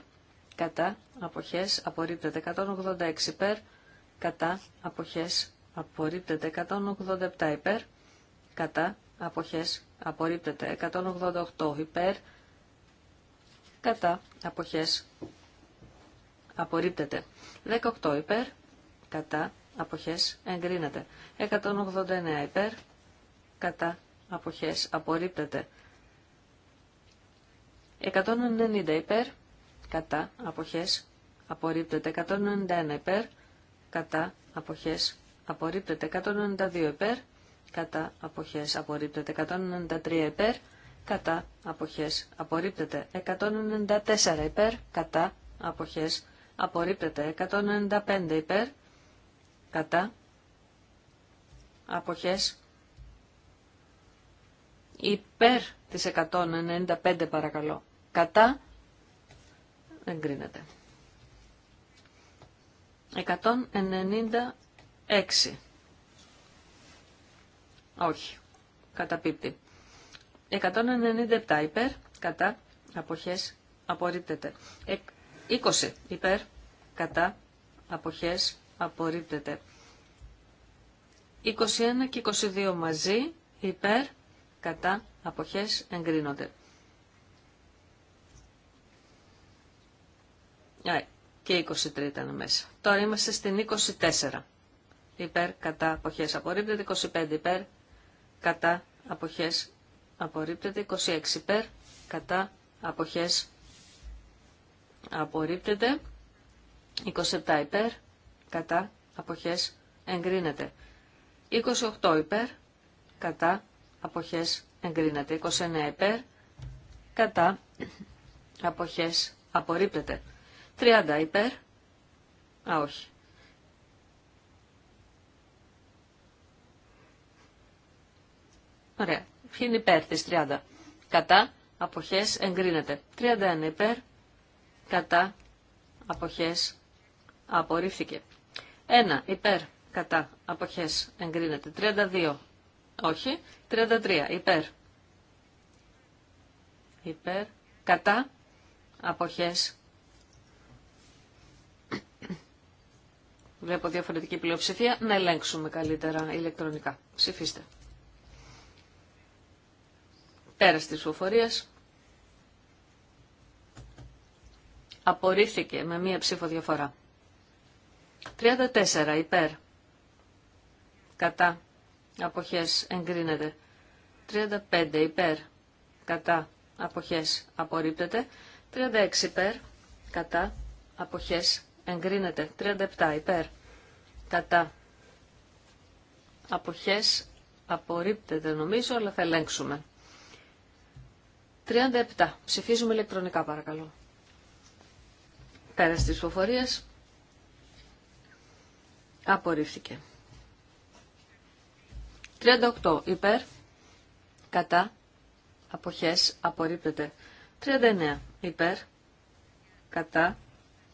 κατά, αποχές απορρίπτεται. 186 υπέρ, κατά, αποχές απορρίπτεται. 187 υπέρ, κατά αποχές απορρίπτεται 188 υπέρ κατά αποχές απορρίπτεται 18 υπέρ κατά αποχές εγκρίνεται 189 υπέρ κατά αποχές απορρίπτεται 190 υπέρ κατά αποχές απορρίπτεται 191 υπέρ κατά αποχές απορρίπτεται 192 υπέρ κατά αποχές απορρίπτεται 193 υπέρ, κατά αποχές απορρίπτεται 194 υπέρ, κατά αποχές απορρίπτεται 195 υπέρ, κατά αποχές υπέρ της 195 παρακαλώ, κατά εγκρίνεται. 196 όχι. Καταπίπτει. 197 υπέρ. Κατά. Αποχές. Απορρίπτεται. 20 υπέρ. Κατά. Αποχές. Απορρίπτεται. 21 και 22 μαζί. Υπέρ. Κατά. Αποχές. Εγκρίνονται. και 23 ήταν μέσα. Τώρα είμαστε στην 24. Υπέρ, κατά, αποχές απορρίπτεται, 25 υπέρ, κατά αποχές απορρίπτεται. 26 υπέρ κατά αποχές απορρίπτεται. 27 υπέρ κατά αποχές εγκρίνεται. 28 υπέρ κατά αποχές εγκρίνεται. 29 υπέρ κατά αποχές απορρίπτεται. 30 υπέρ. Α, όχι. Ωραία. Ποιοι είναι υπέρ τη 30. Κατά. Αποχές εγκρίνεται. 31 υπέρ. Κατά. Αποχές απορρίφθηκε. 1 υπέρ. Κατά. Αποχές εγκρίνεται. 32. Όχι. 33 υπέρ. Υπέρ. Κατά. Αποχές βλέπω διαφορετική πλειοψηφία, να ελέγξουμε καλύτερα ηλεκτρονικά. Ψηφίστε. Πέρας της ψηφοφορίας. Απορρίφθηκε με μία ψήφο διαφορά. 34 υπέρ. Κατά. Αποχές εγκρίνεται. 35 υπέρ. Κατά. Αποχές απορρίπτεται. 36 υπέρ. Κατά. Αποχές εγκρίνεται. 37 υπέρ. Κατά. Αποχές απορρίπτεται νομίζω, αλλά θα ελέγξουμε. 37. Ψηφίζουμε ηλεκτρονικά παρακαλώ. Πέρα στις ψηφοφορίες. Απορρίφθηκε. 38. Υπέρ. Κατά. Αποχές. Απορρίπτεται. 39. Υπέρ. Κατά.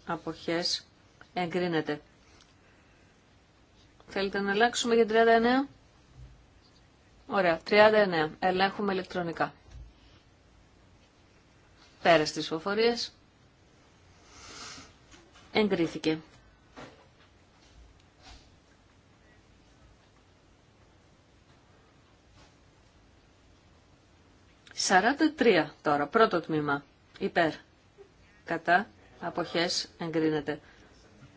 Αποχές. Εγκρίνεται. Θέλετε να αλλάξουμε για 39. Ωραία. 39. Ελέγχουμε ηλεκτρονικά. Πέρα τις φοφορίες, Εγκρίθηκε. Σαράντα τρία τώρα, πρώτο τμήμα. Υπέρ. Κατά. Αποχές εγκρίνεται.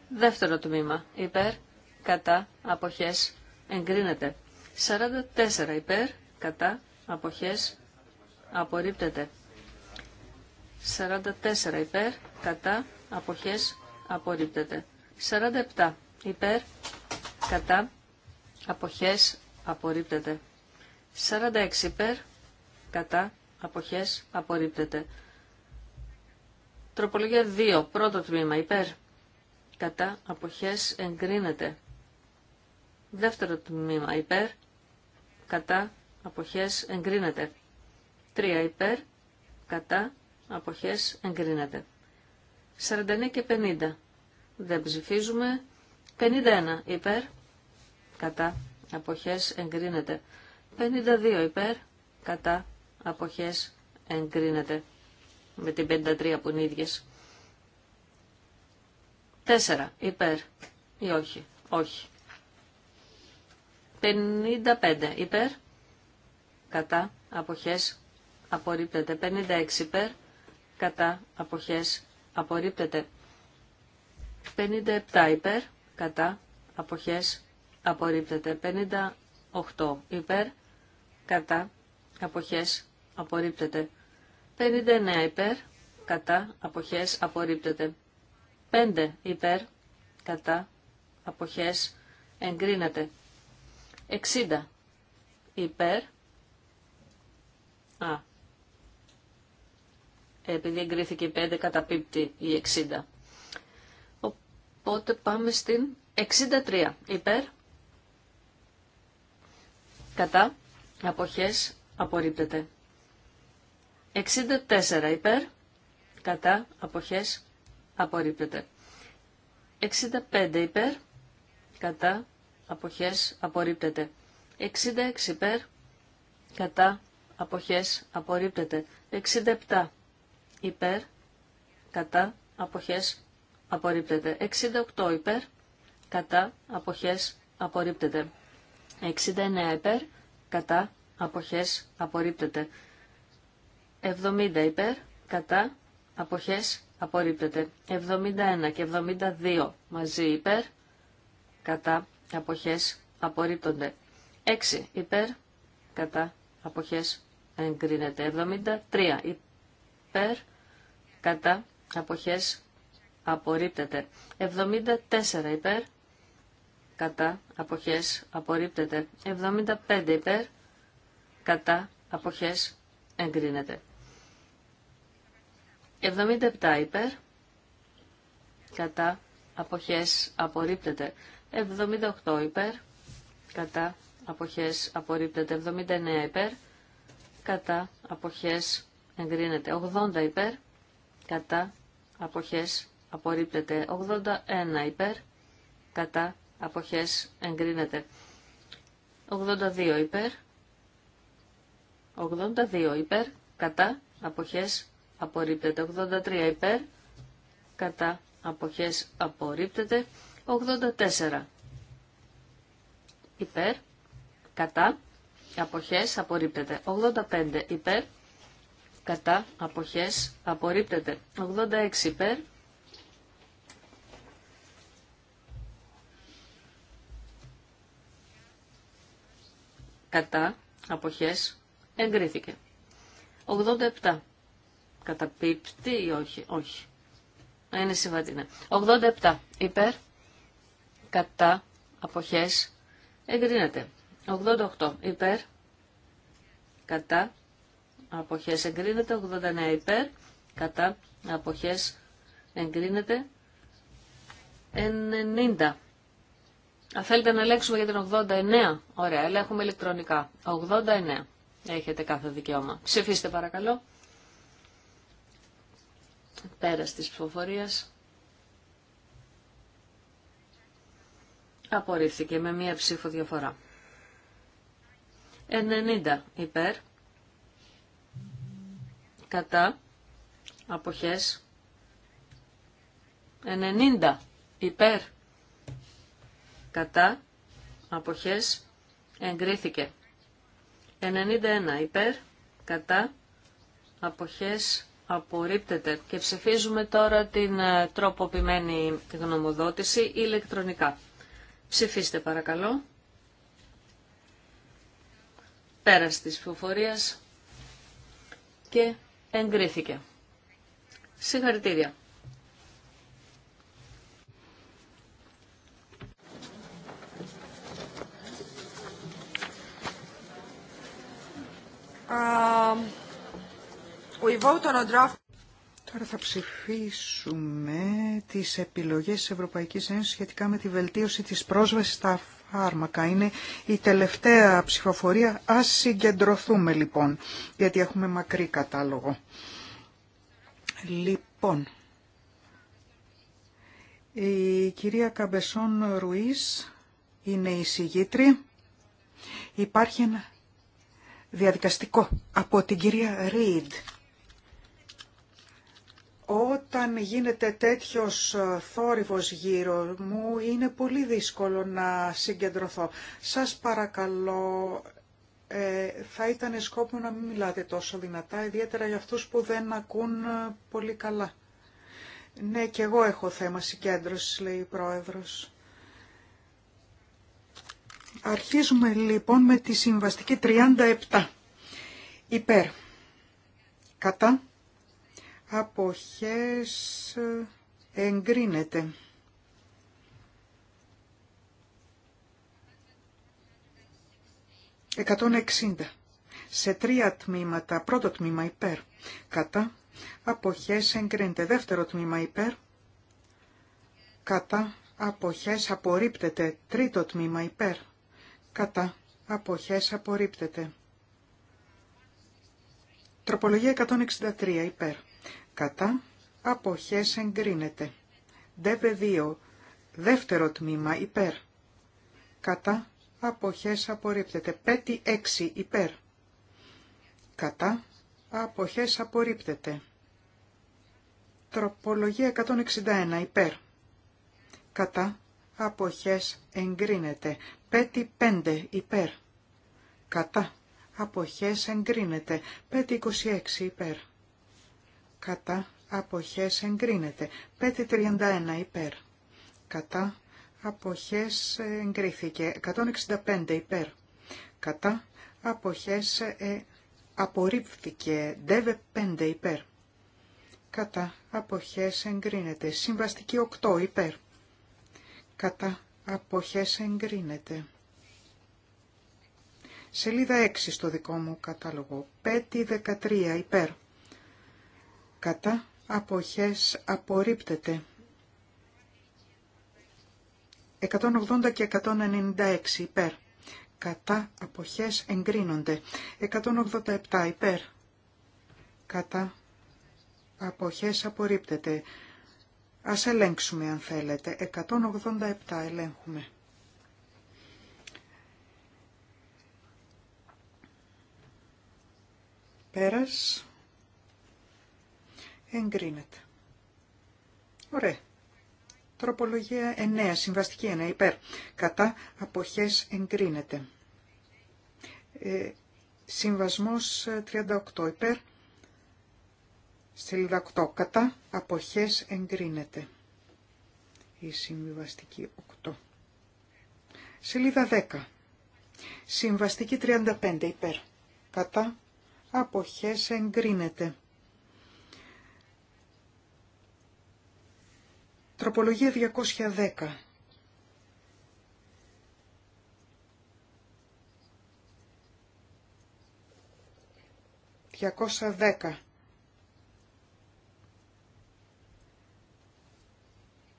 Δεύτερο τμήμα. Υπέρ. Κατά. Αποχές εγκρίνεται. 44 υπέρ. Κατά. Αποχές απορρίπτεται. 44 υπέρ, κατά, αποχές, απορρίπτεται. 47 υπέρ, κατά, αποχές, απορρίπτεται. 46 υπέρ, κατά, αποχές, απορρίπτεται. Τροπολογία 2, πρώτο τμήμα, υπέρ, κατά, αποχές, εγκρίνεται. Δεύτερο τμήμα, υπέρ, κατά, αποχές, εγκρίνεται. 3 υπέρ, κατά, αποχές εγκρίνεται. 49 και 50 δεν ψηφίζουμε. 51 υπέρ κατά αποχές εγκρίνεται. 52 υπέρ κατά αποχές εγκρίνεται. Με την 53 που είναι ίδιες. 4 υπέρ ή όχι. Όχι. 55 υπέρ κατά αποχές απορρίπτεται. 56 υπέρ κατά αποχές απορρίπτεται. 57 υπέρ κατά αποχές απορρίπτεται. 58 υπέρ κατά αποχές απορρίπτεται. 59 υπέρ κατά αποχές απορρίπτεται. 5 υπέρ κατά αποχές εγκρίνεται. 60 υπέρ. Α, επειδή εγκρίθηκε η 5 καταπίπτει η 60. Οπότε πάμε στην 63. Υπέρ. Κατά. Αποχές. Απορρίπτεται. 64. Υπέρ. Κατά. Αποχές. Απορρίπτεται. 65. Υπέρ. Κατά. Αποχές. Απορρίπτεται. 66. Υπέρ. Κατά. Αποχές. Απορρίπτεται. 67 υπέρ, κατά, αποχές, απορρίπτεται. 68 υπέρ, κατά, αποχές, απορρίπτεται. 69 υπέρ, κατά, αποχές, απορρίπτεται. 70 υπέρ, κατά, αποχές, απορρίπτεται. 71 και 72 μαζί υπέρ, κατά, αποχές, απορρίπτονται. 6 υπέρ, κατά, αποχές, εγκρίνεται. 73 υπέρ, κατά αποχές απορρίπτεται. 74 υπέρ κατά αποχές απορρίπτεται. 75 υπέρ κατά αποχές εγκρίνεται. 77 υπέρ κατά αποχές απορρίπτεται. 78 υπέρ κατά αποχές απορρίπτεται. 79 υπέρ κατά αποχές εγκρίνεται. 80 υπέρ κατά αποχές απορρίπτεται 81 υπέρ κατά αποχές εγκρίνεται 82 υπέρ 82 υπέρ κατά αποχές απορρίπτεται 83 υπέρ κατά αποχές απορρίπτεται 84 υπέρ κατά αποχές απορρίπτεται 85 υπέρ κατά αποχές απορρίπτεται. 86 υπέρ κατά αποχές εγκρίθηκε. 87 καταπίπτει ή όχι, όχι. Είναι συμβατή, ναι. 87 υπέρ κατά αποχές εγκρίνεται. 88 υπέρ κατά αποχές εγκρίνεται, 89 υπέρ, κατά αποχές εγκρίνεται, 90. Αν θέλετε να ελέγξουμε για την 89, ωραία, ελέγχουμε ηλεκτρονικά. 89. Έχετε κάθε δικαίωμα. Ψηφίστε παρακαλώ. Πέρας της ψηφοφορίας. Απορρίφθηκε με μία ψήφο διαφορά. 90 υπέρ, κατά αποχές 90 υπέρ κατά αποχές εγκρίθηκε 91 υπέρ κατά αποχές απορρίπτεται και ψηφίζουμε τώρα την ε, τροποποιημένη γνωμοδότηση ηλεκτρονικά. Ψηφίστε παρακαλώ. Πέρας της φοφορίας και εγκρίθηκε. Συγχαρητήρια. Uh, we draft. Τώρα θα ψηφίσουμε τις επιλογές της Ευρωπαϊκής Ένωσης σχετικά με τη βελτίωση της πρόσβασης στα Άρμακα Είναι η τελευταία ψηφοφορία. Ας συγκεντρωθούμε λοιπόν, γιατί έχουμε μακρύ κατάλογο. Λοιπόν, η κυρία Καμπεσόν Ρουΐς είναι η συγγήτρη. Υπάρχει ένα διαδικαστικό από την κυρία Ρίδ. Όταν γίνεται τέτοιος ε, θόρυβος γύρω μου είναι πολύ δύσκολο να συγκεντρωθώ. Σας παρακαλώ, ε, θα ήταν σκόπο να μην μιλάτε τόσο δυνατά, ιδιαίτερα για αυτούς που δεν ακούν ε, πολύ καλά. Ναι, και εγώ έχω θέμα συγκέντρωσης, λέει η Πρόεδρος. Αρχίζουμε λοιπόν με τη συμβαστική 37. Υπέρ. Κατά αποχές ε, εγκρίνεται. Εκατόν Σε τρία τμήματα, πρώτο τμήμα υπέρ, κατά, αποχές εγκρίνεται. Δεύτερο τμήμα υπέρ, κατά, αποχές απορρίπτεται. Τρίτο τμήμα υπέρ, κατά, αποχές απορρίπτεται. Τροπολογία 163 υπέρ κατά, αποχές εγκρίνεται. ΔΕΒΕ 2, δεύτερο τμήμα, υπέρ, κατά, αποχές απορρίπτεται. ΠΕΤΗ 6, υπέρ, κατά, αποχές απορρίπτεται. Τροπολογία 161, υπέρ, κατά, αποχές εγκρίνεται. ΠΕΤΗ 5, υπέρ, κατά, αποχές εγκρίνεται. ΠΕΤΗ 26, υπέρ κατά αποχές εγκρίνεται. 5.31 υπέρ. Κατά αποχές εγκρίθηκε. 165 υπέρ. Κατά αποχές ε, απορρίφθηκε. Δεβε 5 υπέρ. Κατά αποχές εγκρίνεται. Συμβαστική 8 υπέρ. Κατά αποχές εγκρίνεται. Σελίδα 6 στο δικό μου κατάλογο. 5.13 υπέρ κατά αποχές απορρίπτεται. 180 και 196 υπέρ. Κατά αποχές εγκρίνονται. 187 υπέρ. Κατά αποχές απορρίπτεται. Ας ελέγξουμε αν θέλετε. 187 ελέγχουμε. Πέρας εγκρίνεται. Ωραία. Τροπολογία 9, συμβαστική 1, υπέρ. Κατά αποχές εγκρίνεται. Ε, συμβασμός 38, ε, υπέρ. Σελίδα 8, κατά αποχές εγκρίνεται. Η συμβιβαστική 8. Σελίδα 10. Συμβαστική 35, υπέρ. Κατά αποχές εγκρίνεται. Τροπολογία 210. 210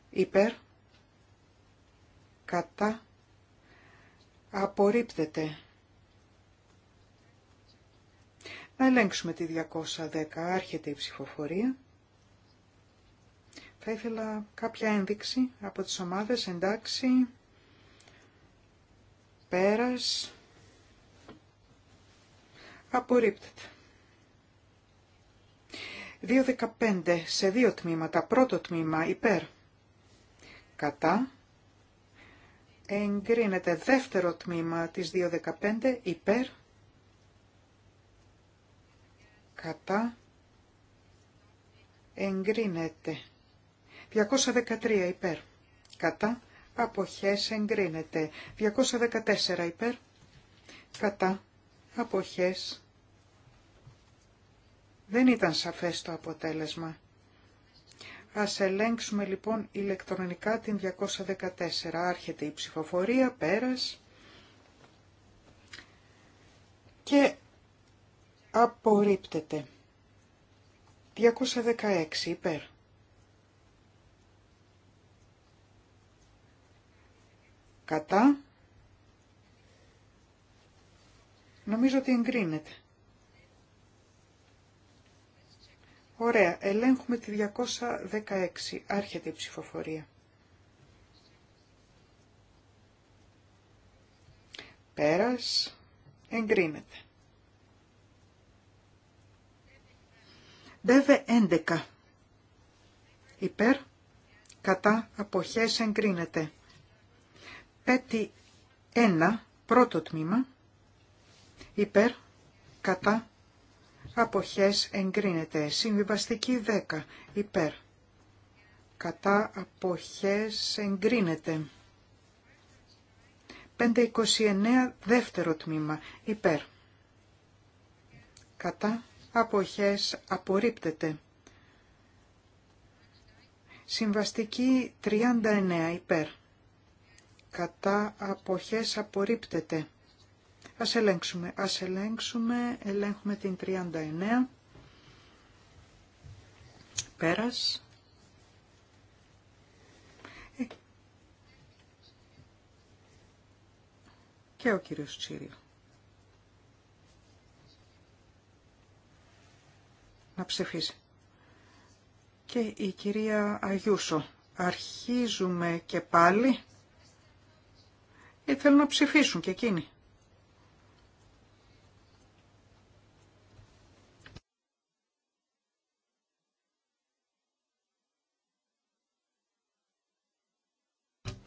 Υπέρ. Κατά. Απορρίπτεται. Να ελέγξουμε τη 210. Άρχεται η ψηφοφορία. Θα ήθελα κάποια ένδειξη από τις ομάδες, εντάξει, πέρας, απορρίπτεται. 2.15 σε δύο τμήματα. Πρώτο τμήμα υπέρ. Κατά. Εγκρίνεται δεύτερο τμήμα της 2.15 υπέρ. Κατά. Εγκρίνεται 213 υπέρ. Κατά. Αποχές εγκρίνεται. 214 υπέρ. Κατά. Αποχές. Δεν ήταν σαφές το αποτέλεσμα. Ας ελέγξουμε λοιπόν ηλεκτρονικά την 214. Άρχεται η ψηφοφορία, πέρας. Και απορρίπτεται. 216 υπέρ. Κατά. Νομίζω ότι εγκρίνεται. Ωραία. Ελέγχουμε τη 216. Άρχεται η ψηφοφορία. Πέρας. Εγκρίνεται. Δεύε 11. Υπέρ. Κατά. Αποχές εγκρίνεται. Πέτει ένα πρώτο τμήμα, υπέρ, κατά, αποχές εγκρίνεται. Συμβιβαστική 10, υπέρ, κατά, αποχές εγκρίνεται. 529, δεύτερο τμήμα, υπέρ, κατά, αποχές απορρίπτεται. Συμβαστική 39, υπέρ κατά αποχές απορρίπτεται. Ας ελέγξουμε, ας ελέγξουμε, ελέγχουμε την 39. Πέρας. Ε. Και ο κύριος Τσίριο. Να ψηφίσει. Και η κυρία Αγιούσο. Αρχίζουμε και πάλι ή θέλουν να ψηφίσουν και εκείνοι.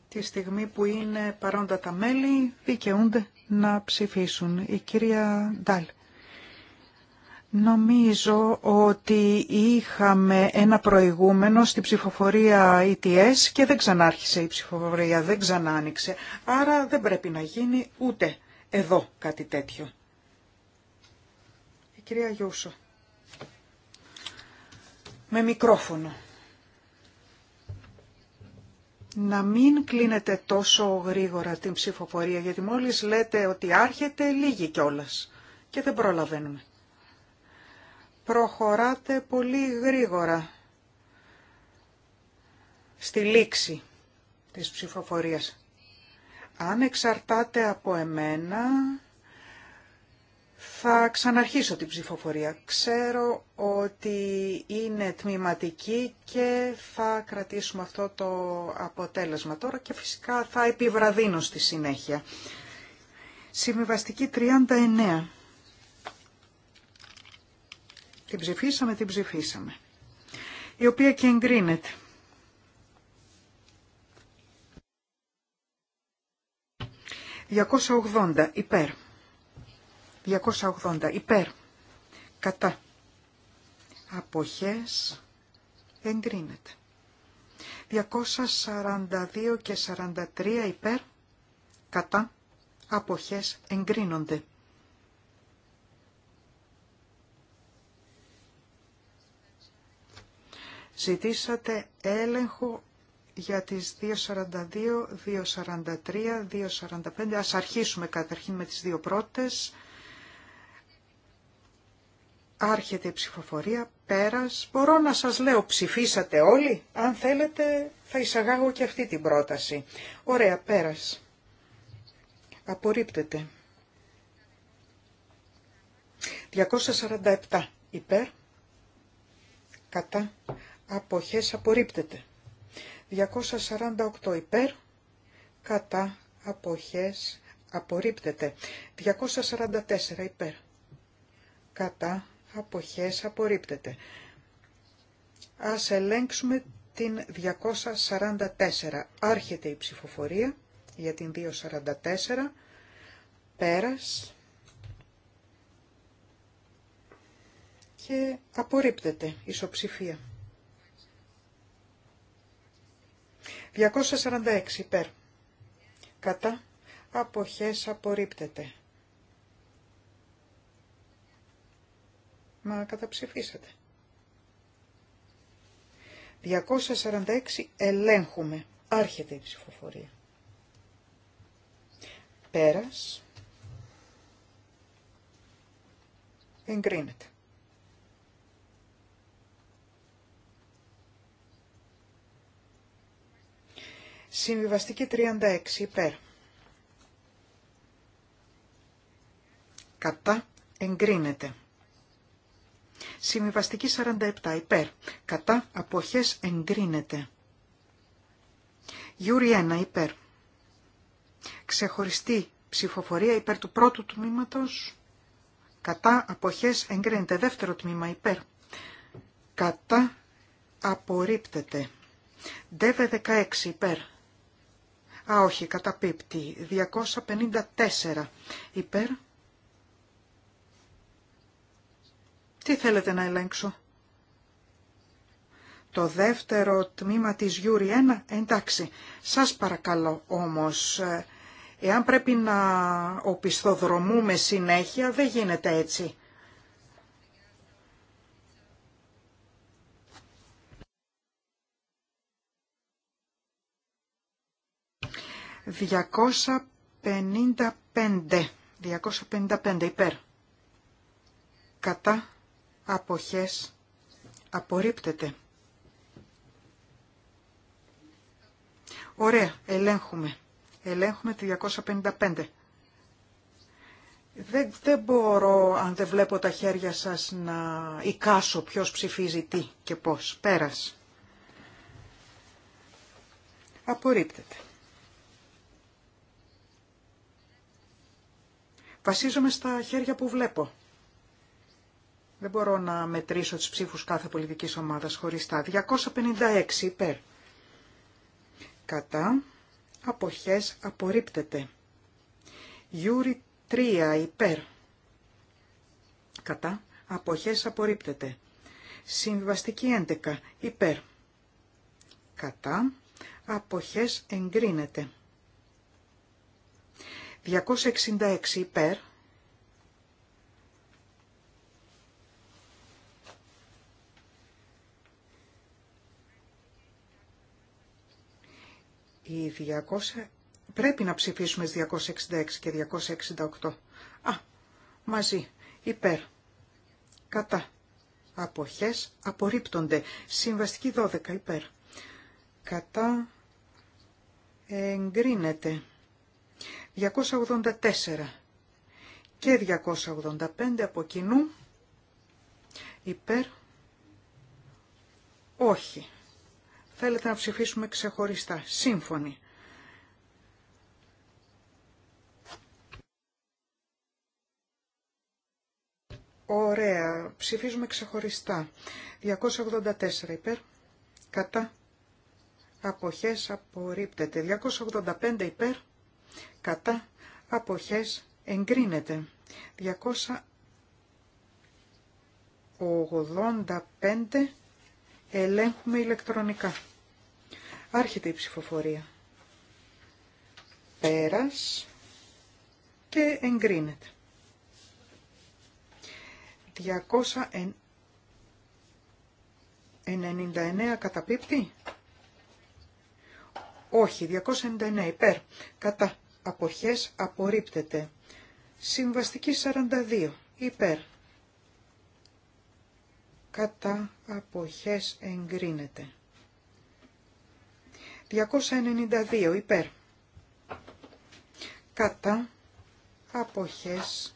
Τη στιγμή που είναι παρόντα τα μέλη δικαιούνται να ψηφίσουν. Η θέλουν να ψηφίσουν και εκείνοι. Τη στιγμή που είναι παρόντα τα μέλη, δικαιούνται να ψηφίσουν. Η κυρία Ντάλ. Νομίζω ότι είχαμε ένα προηγούμενο στην ψηφοφορία ETS και δεν ξανάρχισε η ψηφοφορία, δεν ξανά Άρα δεν πρέπει να γίνει ούτε εδώ κάτι τέτοιο. Η κυρία Γιούσο. Με μικρόφωνο. Να μην κλείνετε τόσο γρήγορα την ψηφοφορία, γιατί μόλις λέτε ότι άρχεται, λίγη κιόλας και δεν προλαβαίνουμε προχωράτε πολύ γρήγορα στη λήξη της ψηφοφορίας. Αν εξαρτάτε από εμένα, θα ξαναρχίσω την ψηφοφορία. Ξέρω ότι είναι τμηματική και θα κρατήσουμε αυτό το αποτέλεσμα τώρα και φυσικά θα επιβραδύνω στη συνέχεια. Συμβιβαστική 39. Την ψηφίσαμε, την ψηφίσαμε. Η οποία και εγκρίνεται. «280 υπέρ». «280 υπέρ». «Κατά». «Αποχές». «Εγκρίνεται». «242 και 43 υπέρ». «Κατά». «Αποχές». «Εγκρίνονται». Ζητήσατε έλεγχο για τις 2.42, 2.43, 2.45. Ας αρχίσουμε καταρχήν με τις δύο πρώτες. Άρχεται η ψηφοφορία, πέρας. Μπορώ να σας λέω ψηφίσατε όλοι. Αν θέλετε θα εισαγάγω και αυτή την πρόταση. Ωραία, πέρας. Απορρίπτεται. 247 υπέρ, κατά, αποχές απορρίπτεται. 248 υπέρ, κατά, αποχές απορρίπτεται. 244 υπέρ, κατά, αποχές απορρίπτεται. Ας ελέγξουμε την 244. Άρχεται η ψηφοφορία για την 244. Πέρας. Και απορρίπτεται ισοψηφία. 246 υπέρ. Κατά αποχές απορρίπτεται. Μα καταψηφίσατε. 246 ελέγχουμε. Άρχεται η ψηφοφορία. Πέρας. Εγκρίνεται. Συμβιβαστική 36 υπέρ. Κατά εγκρίνεται. Συμβιβαστική 47 υπέρ. Κατά αποχές εγκρίνεται. Γιούρι 1 υπέρ. Ξεχωριστή ψηφοφορία υπέρ του πρώτου τμήματος. Κατά αποχές εγκρίνεται. Δεύτερο τμήμα υπέρ. Κατά απορρίπτεται. ΔΕΒΕ 16 υπέρ Α, όχι, καταπίπτει. 254 υπέρ. Τι θέλετε να ελέγξω. Το δεύτερο τμήμα της Γιούρι 1, εντάξει. Σας παρακαλώ όμως, ε, εάν πρέπει να οπισθοδρομούμε συνέχεια, δεν γίνεται έτσι. 255. 255 υπέρ. Κατά αποχές απορρίπτεται. Ωραία, ελέγχουμε. Ελέγχουμε τη 255. Δεν, δεν μπορώ, αν δεν βλέπω τα χέρια σας, να εικάσω ποιος ψηφίζει τι και πώς. Πέρας. Απορρίπτεται. Βασίζομαι στα χέρια που βλέπω. Δεν μπορώ να μετρήσω τις ψήφους κάθε πολιτικής ομάδας χωριστά. 256 υπέρ. Κατά. Αποχές απορρίπτεται. Γιούρι 3 υπέρ. Κατά. Αποχές απορρίπτεται. Συμβαστική 11 υπέρ. Κατά. Αποχές εγκρίνεται. 266 υπέρ. 200... Πρέπει να ψηφίσουμε 266 και 268. Α, μαζί. Υπέρ. Κατά. Αποχές απορρίπτονται. Συμβαστική 12 υπέρ. Κατά εγκρίνεται. 284 και 285 από κοινού υπέρ όχι. Θέλετε να ψηφίσουμε ξεχωριστά. Σύμφωνοι. Ωραία. Ψηφίζουμε ξεχωριστά. 284 υπέρ. Κατά. Αποχές απορρίπτεται. 285 υπέρ κατά αποχές εγκρίνεται. 285 ελέγχουμε ηλεκτρονικά. Άρχεται η ψηφοφορία. Πέρας και εγκρίνεται. 299 καταπίπτει. Όχι, 299 υπέρ. Κατά αποχές απορρίπτεται. Συμβαστική 42 υπέρ. Κατά αποχές εγκρίνεται. 292 υπέρ. Κατά αποχές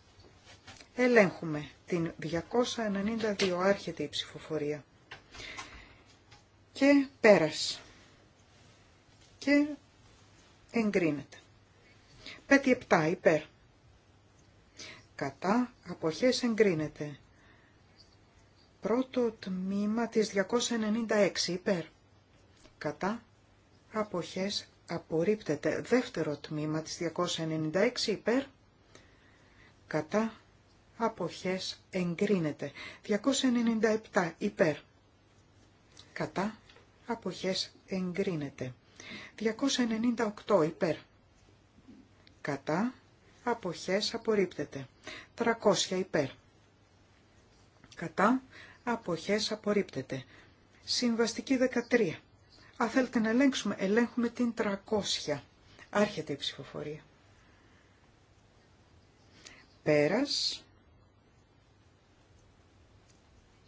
ελέγχουμε την 292 άρχεται η ψηφοφορία. Και πέρας. Και εγκρίνεται. Πέτει 7 υπέρ. Κατά αποχές εγκρίνεται. Πρώτο τμήμα της 296 υπέρ. Κατά αποχές απορρίπτεται. Δεύτερο τμήμα της 296 υπέρ. Κατά αποχές εγκρίνεται. 297 υπέρ. Κατά αποχές εγκρίνεται. 298 υπέρ κατά, αποχές απορρίπτεται. 300 υπέρ, κατά, αποχές απορρίπτεται. Συμβαστική 13. Αν θέλετε να ελέγξουμε, ελέγχουμε την 300. Άρχεται η ψηφοφορία. Πέρας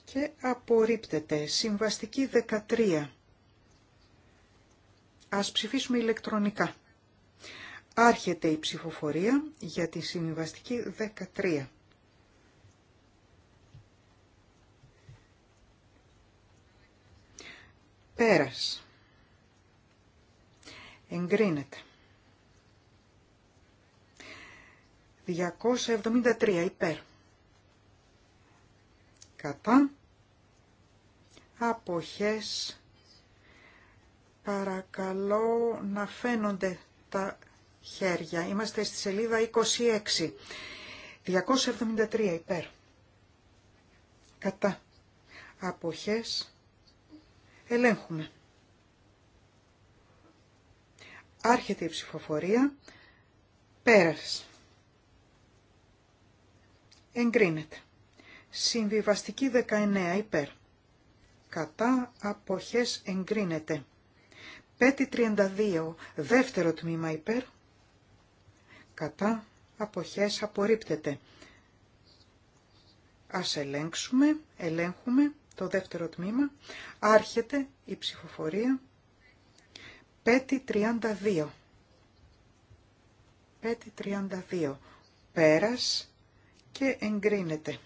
και απορρίπτεται. Συμβαστική 13. Ας ψηφίσουμε ηλεκτρονικά. Άρχεται η ψηφοφορία για τη συμβιβαστική 13. Πέρας. Εγκρίνεται. 273 υπέρ. Κατά. Αποχές. Παρακαλώ να φαίνονται τα χέρια. Είμαστε στη σελίδα 26. 273 υπέρ. Κατά. Αποχές. Ελέγχουμε. Άρχεται η ψηφοφορία. Πέρας. Εγκρίνεται. Συμβιβαστική 19 υπέρ. Κατά αποχές εγκρίνεται. 532 δεύτερο τμήμα υπέρ κατά, αποχές απορρίπτεται. Ας ελέγξουμε, ελέγχουμε το δεύτερο τμήμα. Άρχεται η ψηφοφορία. 32. 5 32. Πέρας και εγκρίνεται.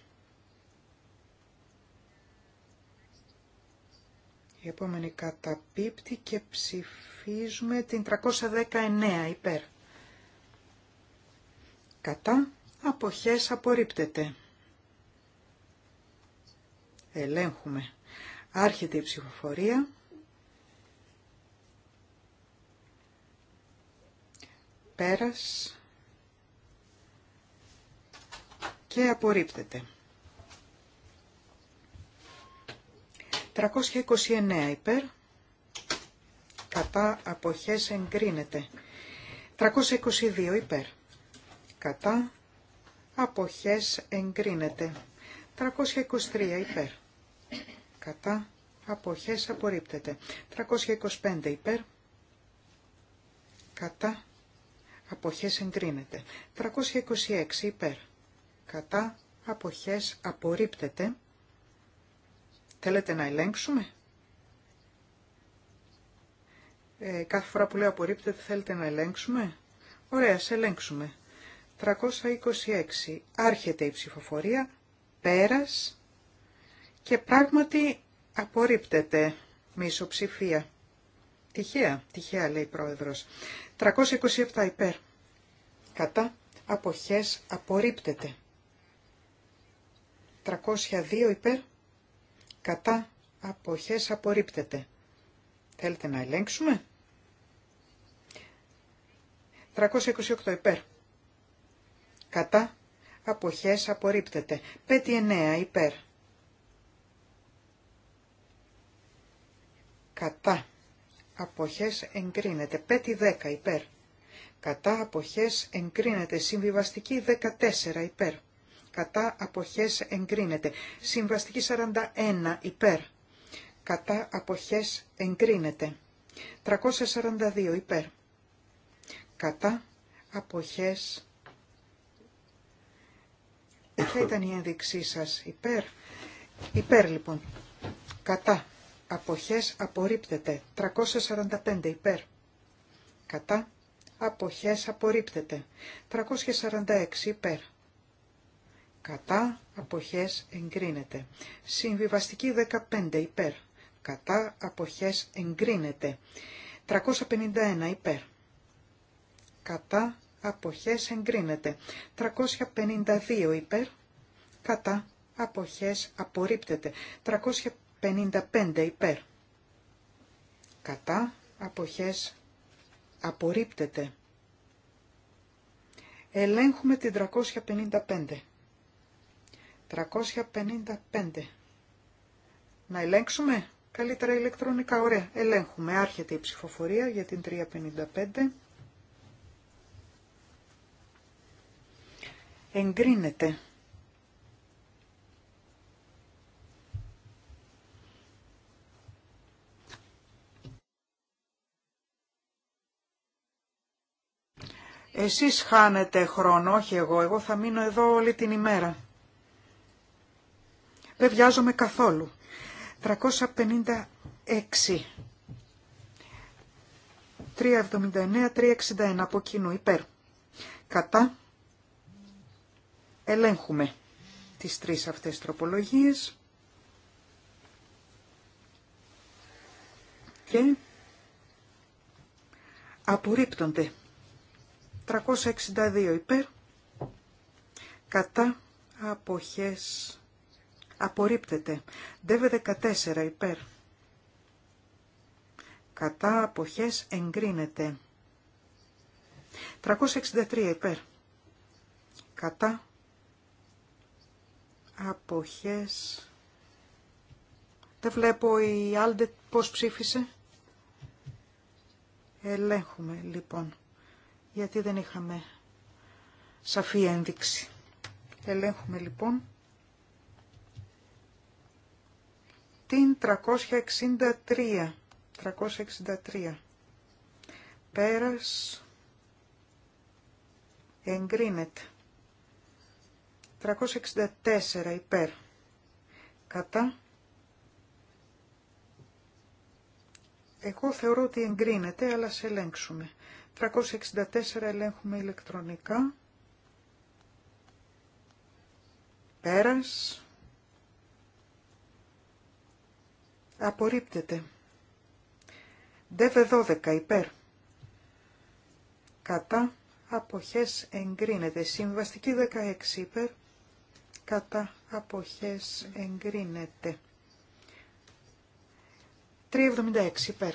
Η επόμενη καταπίπτει και ψηφίζουμε την 319 υπέρ κατά, αποχές απορρίπτεται. Ελέγχουμε. Άρχεται η ψηφοφορία. Πέρας και απορρίπτεται. 329 υπέρ, κατά αποχές εγκρίνεται. 322 υπέρ, κατά, αποχές εγκρίνεται. 323 υπέρ, κατά, αποχές απορρίπτεται. 325 υπέρ, κατά, αποχές εγκρίνεται. 326 υπέρ, κατά, αποχές απορρίπτεται. Θέλετε να ελέγξουμε. Ε, κάθε φορά που λέω απορρίπτεται θέλετε να ελέγξουμε. Ωραία, σε ελέγξουμε. 326. Άρχεται η ψηφοφορία, πέρας και πράγματι απορρίπτεται με ισοψηφία. Τυχαία, τυχαία λέει η πρόεδρος. 327 υπέρ. Κατά αποχές απορρίπτεται. 302 υπέρ. Κατά αποχές απορρίπτεται. Θέλετε να ελέγξουμε. 328 υπέρ κατά, αποχές απορρίπτεται. 5-9 υπέρ. Κατά, αποχές εγκρίνεται. 5-10 υπέρ. Κατά, αποχές εγκρίνεται. Συμβιβαστική 14 υπέρ. Κατά, αποχές εγκρίνεται. Συμβαστική 41 υπέρ. Κατά, αποχές εγκρίνεται. 342 υπέρ. Κατά, αποχές Ποια ήταν η ένδειξή σα υπέρ. Υπέρ λοιπόν. Κατά. Αποχές απορρίπτεται. 345 υπέρ. Κατά. Αποχές απορρίπτεται. 346 υπέρ. Κατά. Αποχές εγκρίνεται. Συμβιβαστική 15 υπέρ. Κατά. Αποχές εγκρίνεται. 351 υπέρ. Κατά. Αποχές εγκρίνεται. 352 υπέρ κατά αποχές απορρίπτεται. 355 υπέρ κατά αποχές απορρίπτεται. Ελέγχουμε την 355. 355. Να ελέγξουμε. Καλύτερα ηλεκτρονικά. Ωραία. Ελέγχουμε. Άρχεται η ψηφοφορία για την 355. Εγκρίνεται. Εσείς χάνετε χρόνο, όχι εγώ. Εγώ θα μείνω εδώ όλη την ημέρα. Δεν βιάζομαι καθόλου. 356. 379, 361 από κοινού υπέρ. Κατά ελέγχουμε τις τρεις αυτές τροπολογίες και απορρίπτονται. 362 υπέρ, κατά αποχές απορρίπτεται. ΔΕΒΕ 14 υπέρ, κατά αποχές εγκρίνεται. 363 υπέρ, κατά αποχές δεν βλέπω η Άλντε πώς ψήφισε. Ελέγχουμε λοιπόν γιατί δεν είχαμε σαφή ένδειξη. Ελέγχουμε λοιπόν την 363. 363. Πέρας εγκρίνεται. 364 υπέρ. Κατά. Εγώ θεωρώ ότι εγκρίνεται, αλλά σε ελέγξουμε. 364 ελέγχουμε ηλεκτρονικά. Πέρας. Απορρίπτεται. ΔΕΒΕ 12 υπέρ. Κατά αποχές εγκρίνεται. Συμβαστική 16 υπέρ. Κατά αποχές εγκρίνεται. 376 υπέρ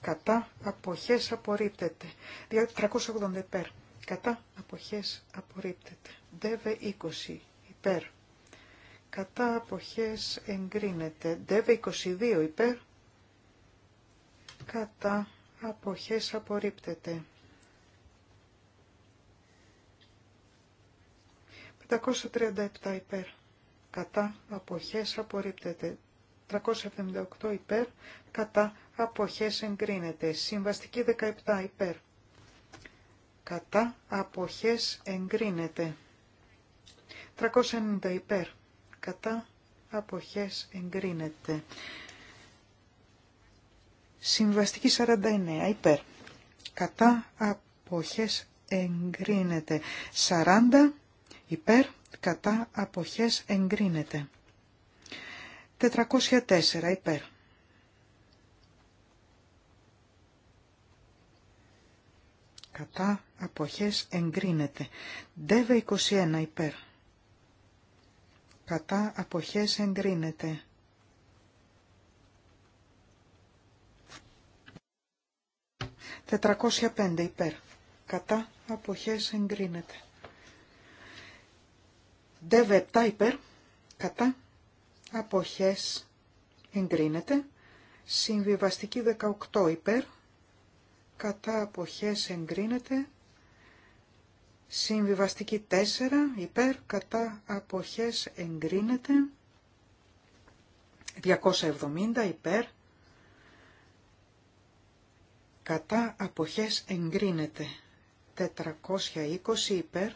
κατά αποχές απορρίπτεται. 380 υπέρ, κατά αποχές απορρίπτεται. ΔΕΒΕ 20 υπέρ, κατά αποχές εγκρίνεται. ΔΕΒΕ 22 υπέρ, κατά αποχές απορρίπτεται. 537 υπέρ, κατά αποχές απορρίπτεται. 378 υπέρ, κατά αποχές εγκρίνεται. Συμβαστική 17 υπέρ. Κατά αποχές εγκρίνεται. 390 υπέρ. Κατά αποχές εγκρίνεται. Συμβαστική 49 υπέρ. Κατά αποχές εγκρίνεται. 40 υπέρ. Κατά αποχές εγκρίνεται. 404 υπέρ κατά αποχές εγκρίνεται. Δεύε 21 υπέρ. Κατά αποχές εγκρίνεται. Τετρακόσια πέντε υπέρ. Κατά αποχές εγκρίνεται. Δεύε 7 υπέρ. Κατά αποχές εγκρίνεται. Συμβιβαστική 18 υπέρ κατά αποχές εγκρίνεται. Συμβιβαστική 4 υπέρ κατά αποχές εγκρίνεται. 270 υπέρ κατά αποχές εγκρίνεται. 420 υπέρ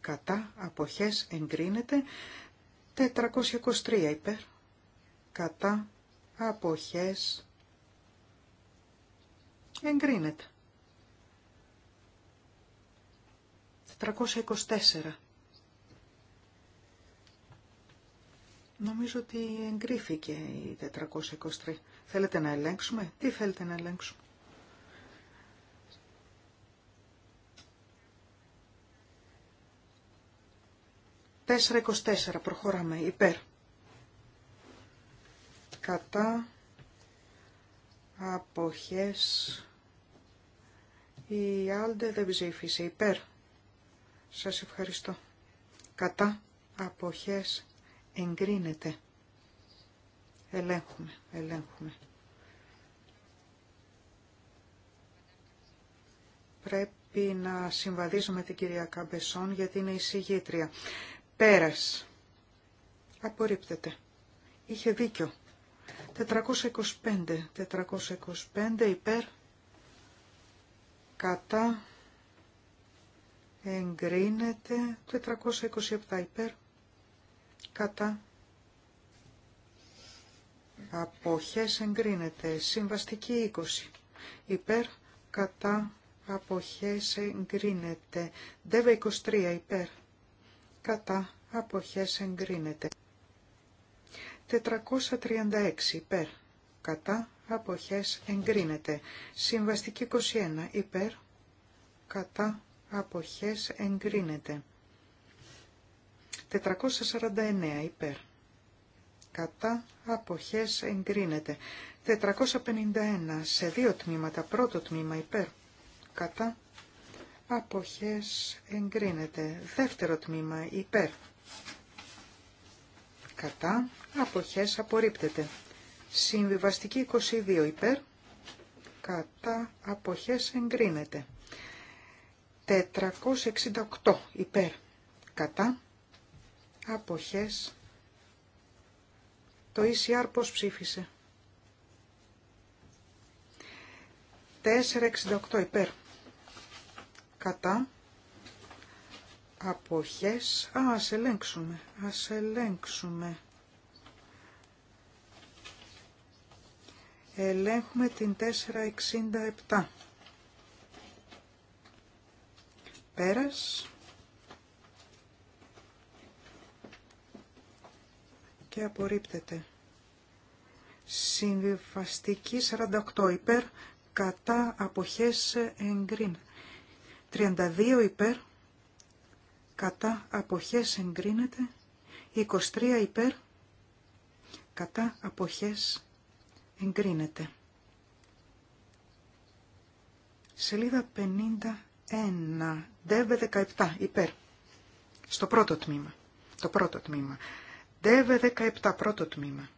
κατά αποχές εγκρίνεται. 423 υπέρ κατά αποχές Εγκρίνεται. 424. Νομίζω ότι εγκρίθηκε η 423. Θέλετε να ελέγξουμε. Τι θέλετε να ελέγξουμε. 424. Προχωράμε. Υπέρ. Κατά. Αποχές. Η Άλντε δεν ψήφισε υπέρ. Σας ευχαριστώ. Κατά αποχές εγκρίνεται. Ελέγχουμε, ελέγχουμε. Πρέπει να συμβαδίζουμε την κυρία Καμπεσόν γιατί είναι συγγήτρια. Πέρας. Απορρίπτεται. Είχε δίκιο. 425, 425 υπέρ κατά εγκρίνεται 427 υπέρ κατά αποχές εγκρίνεται συμβαστική 20 υπέρ κατά αποχές εγκρίνεται δεβε 23 υπέρ κατά αποχές εγκρίνεται 436 υπέρ κατά, αποχές, εγκρίνεται. Συμβαστική 21, υπέρ, κατά, αποχές, εγκρίνεται. 449, υπέρ, κατά, αποχές, εγκρίνεται. 451, σε δύο τμήματα, πρώτο τμήμα, υπέρ, κατά, αποχές, εγκρίνεται. Δεύτερο τμήμα, υπέρ, κατά, αποχές, απορρίπτεται. Συμβιβαστική 22 υπέρ, κατά αποχές εγκρίνεται. 468 υπέρ, κατά αποχές. Το ECR πώς ψήφισε. 468 υπέρ, κατά αποχές. Α, ας ελέγξουμε, ας ελέγξουμε. Ελέγχουμε την 467. Πέρας. Και απορρίπτεται. Συμβιβαστική 48 υπέρ, κατά αποχές εγκρίν. 32 υπέρ, κατά αποχές εγκρίνεται. 23 υπέρ, κατά αποχές εγκρίνεται. Σελίδα 51, ΔΕΒΕ 17, υπέρ. Στο πρώτο τμήμα. Το πρώτο τμήμα. ΔΕΒΕ 17, πρώτο τμήμα.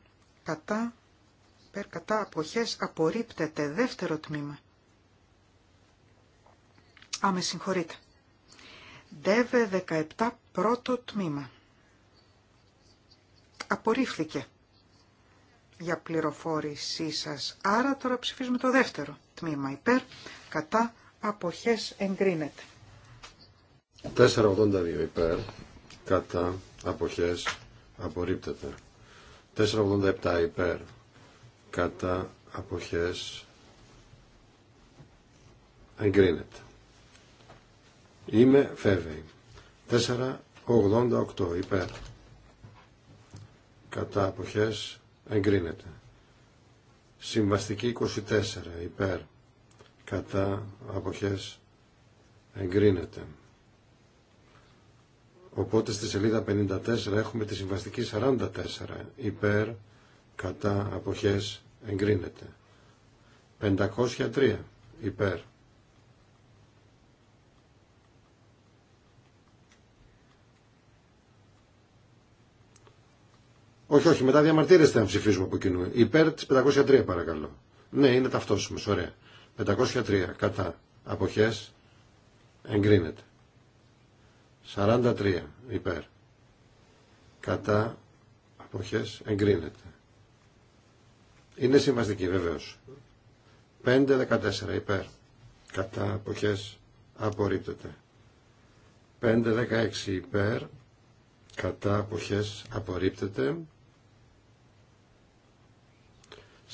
Κατά, υπέρ, κατά, αποχές, απορρίπτεται, δεύτερο τμήμα. Α, με συγχωρείτε. ΔΕΒΕ 17, πρώτο τμήμα. Απορρίφθηκε για πληροφόρησή σας. Άρα τώρα ψηφίζουμε το δεύτερο τμήμα υπέρ, κατά, αποχές εγκρίνεται. 482 υπέρ, κατά, αποχές απορρίπτεται. 487 υπέρ, κατά, αποχές εγκρίνεται. Είμαι φεύγει. 488 υπέρ, κατά, αποχές εγκρίνεται. Συμβαστική 24 υπέρ κατά αποχές εγκρίνεται. Οπότε στη σελίδα 54 έχουμε τη συμβαστική 44 υπέρ κατά αποχές εγκρίνεται. 503 υπέρ Όχι, όχι, μετά διαμαρτύρεστε να ψηφίζουμε από κοινού. Υπέρ τη 503 παρακαλώ. Ναι, είναι ταυτόσιμε. Ωραία. 503 κατά αποχέ εγκρίνεται. 43 υπέρ κατά αποχέ εγκρίνεται. Είναι συμβαστική βεβαίω. 514 υπέρ κατά αποχέ απορρίπτεται. 516 υπέρ κατά αποχές απορρίπτεται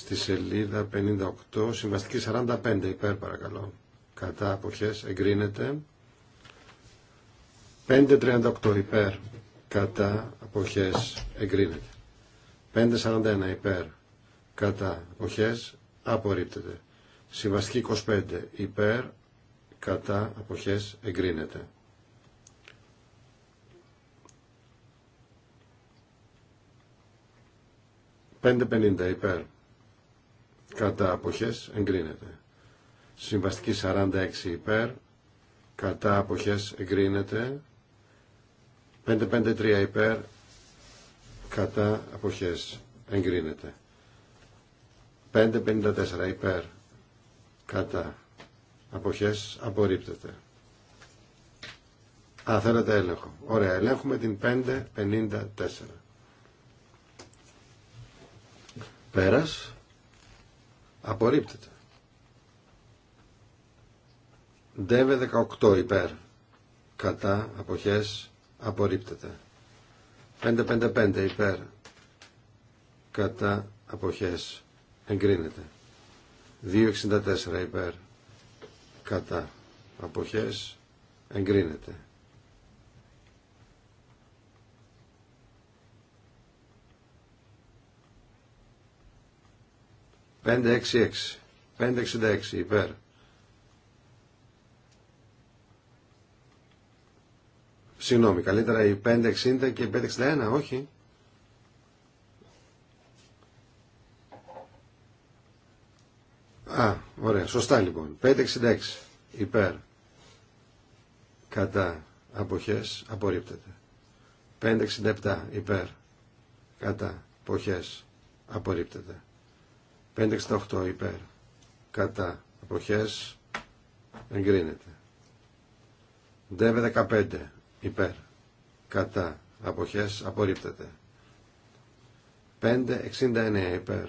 στη σελίδα 58, συμβαστική 45 υπέρ παρακαλώ. Κατά αποχές εγκρίνεται. 5.38 υπέρ κατά αποχές εγκρίνεται. 5.41 υπέρ κατά αποχές απορρίπτεται. Συμβαστική 25 υπέρ κατά αποχές εγκρίνεται. 5.50 υπέρ κατά αποχές εγκρίνεται. Συμβαστική 46 υπέρ, κατά αποχές εγκρίνεται. 553 υπέρ, κατά αποχές εγκρίνεται. 554 υπέρ, κατά αποχές απορρίπτεται. Α, θέλετε έλεγχο. Ωραία, ελέγχουμε την 554. Πέρας. Απορρίπτεται. Ντέβε 18 υπέρ. Κατά αποχές απορρίπτεται. 555 υπέρ. Κατά αποχές εγκρίνεται. 264 υπέρ. Κατά αποχές εγκρίνεται. 566. 566 υπέρ. Συγγνώμη, καλύτερα η 560 και η 561, όχι. Α, ωραία, σωστά λοιπόν. 566 υπέρ. Κατά αποχές απορρίπτεται. 567 υπέρ. Κατά αποχές απορρίπτεται. 568 υπέρ κατά αποχές εγκρίνεται. ΔΕΒΕ 15 υπέρ κατά αποχές απορρίπτεται. 569 υπέρ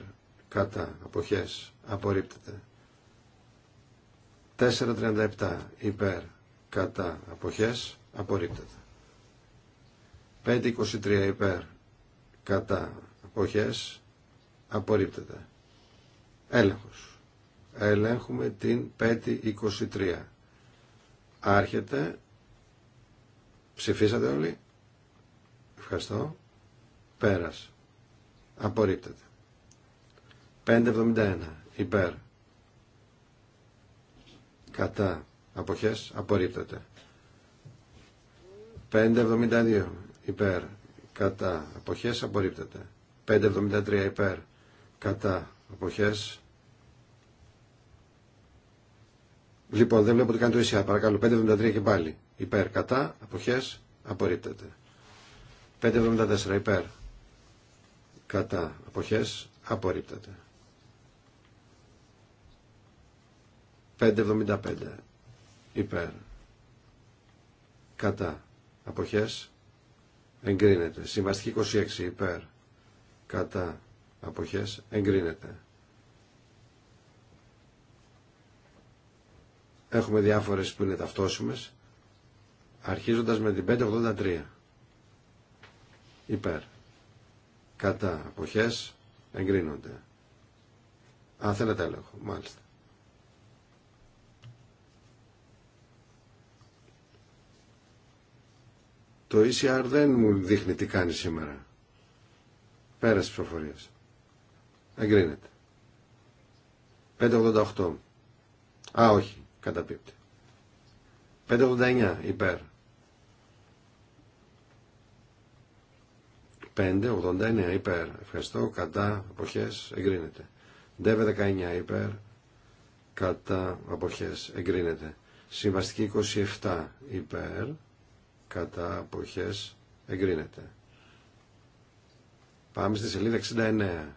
κατά αποχές απορρίπτεται. 437 υπέρ κατά αποχές απορρίπτεται. 523 υπέρ κατά αποχές απορρίπτεται. Έλεγχος. Ελέγχουμε την 523. Άρχεται. Ψηφίσατε όλοι. Ευχαριστώ. Πέρας. Απορρίπτεται. 571. Υπέρ. Κατά. Αποχές. Απορρίπτεται. 572. Υπέρ. Κατά. Αποχές. Απορρίπτεται. 573. Υπέρ. Κατά. Αποχές. Λοιπόν, δεν βλέπω ότι κάνει το ΙΣΙΑ. Παρακαλώ, 5.73 και πάλι. Υπέρ, κατά, αποχές, απορρίπτεται. 5.74 υπέρ, κατά, αποχές, απορρίπτεται. 5.75 υπέρ, κατά, αποχές, εγκρίνεται. Συμβαστική 26 υπέρ, κατά, αποχές εγκρίνεται. Έχουμε διάφορες που είναι ταυτόσιμες, αρχίζοντας με την 583. Υπέρ. Κατά. Αποχές εγκρίνονται. Αν θέλετε έλεγχο, μάλιστα. Το ECR δεν μου δείχνει τι κάνει σήμερα. Πέρασε τις προφορίες. Εγκρίνεται. 588. Α, όχι. Καταπίπτει. 589. Υπέρ. 589. Υπέρ. Ευχαριστώ. Κατά. Αποχές. Εγκρίνεται. 919. 19. Υπέρ. Κατά. Αποχές. Εγκρίνεται. Συμβαστική 27. Υπέρ. Κατά. Αποχές. Εγκρίνεται. Πάμε στη σελίδα 69.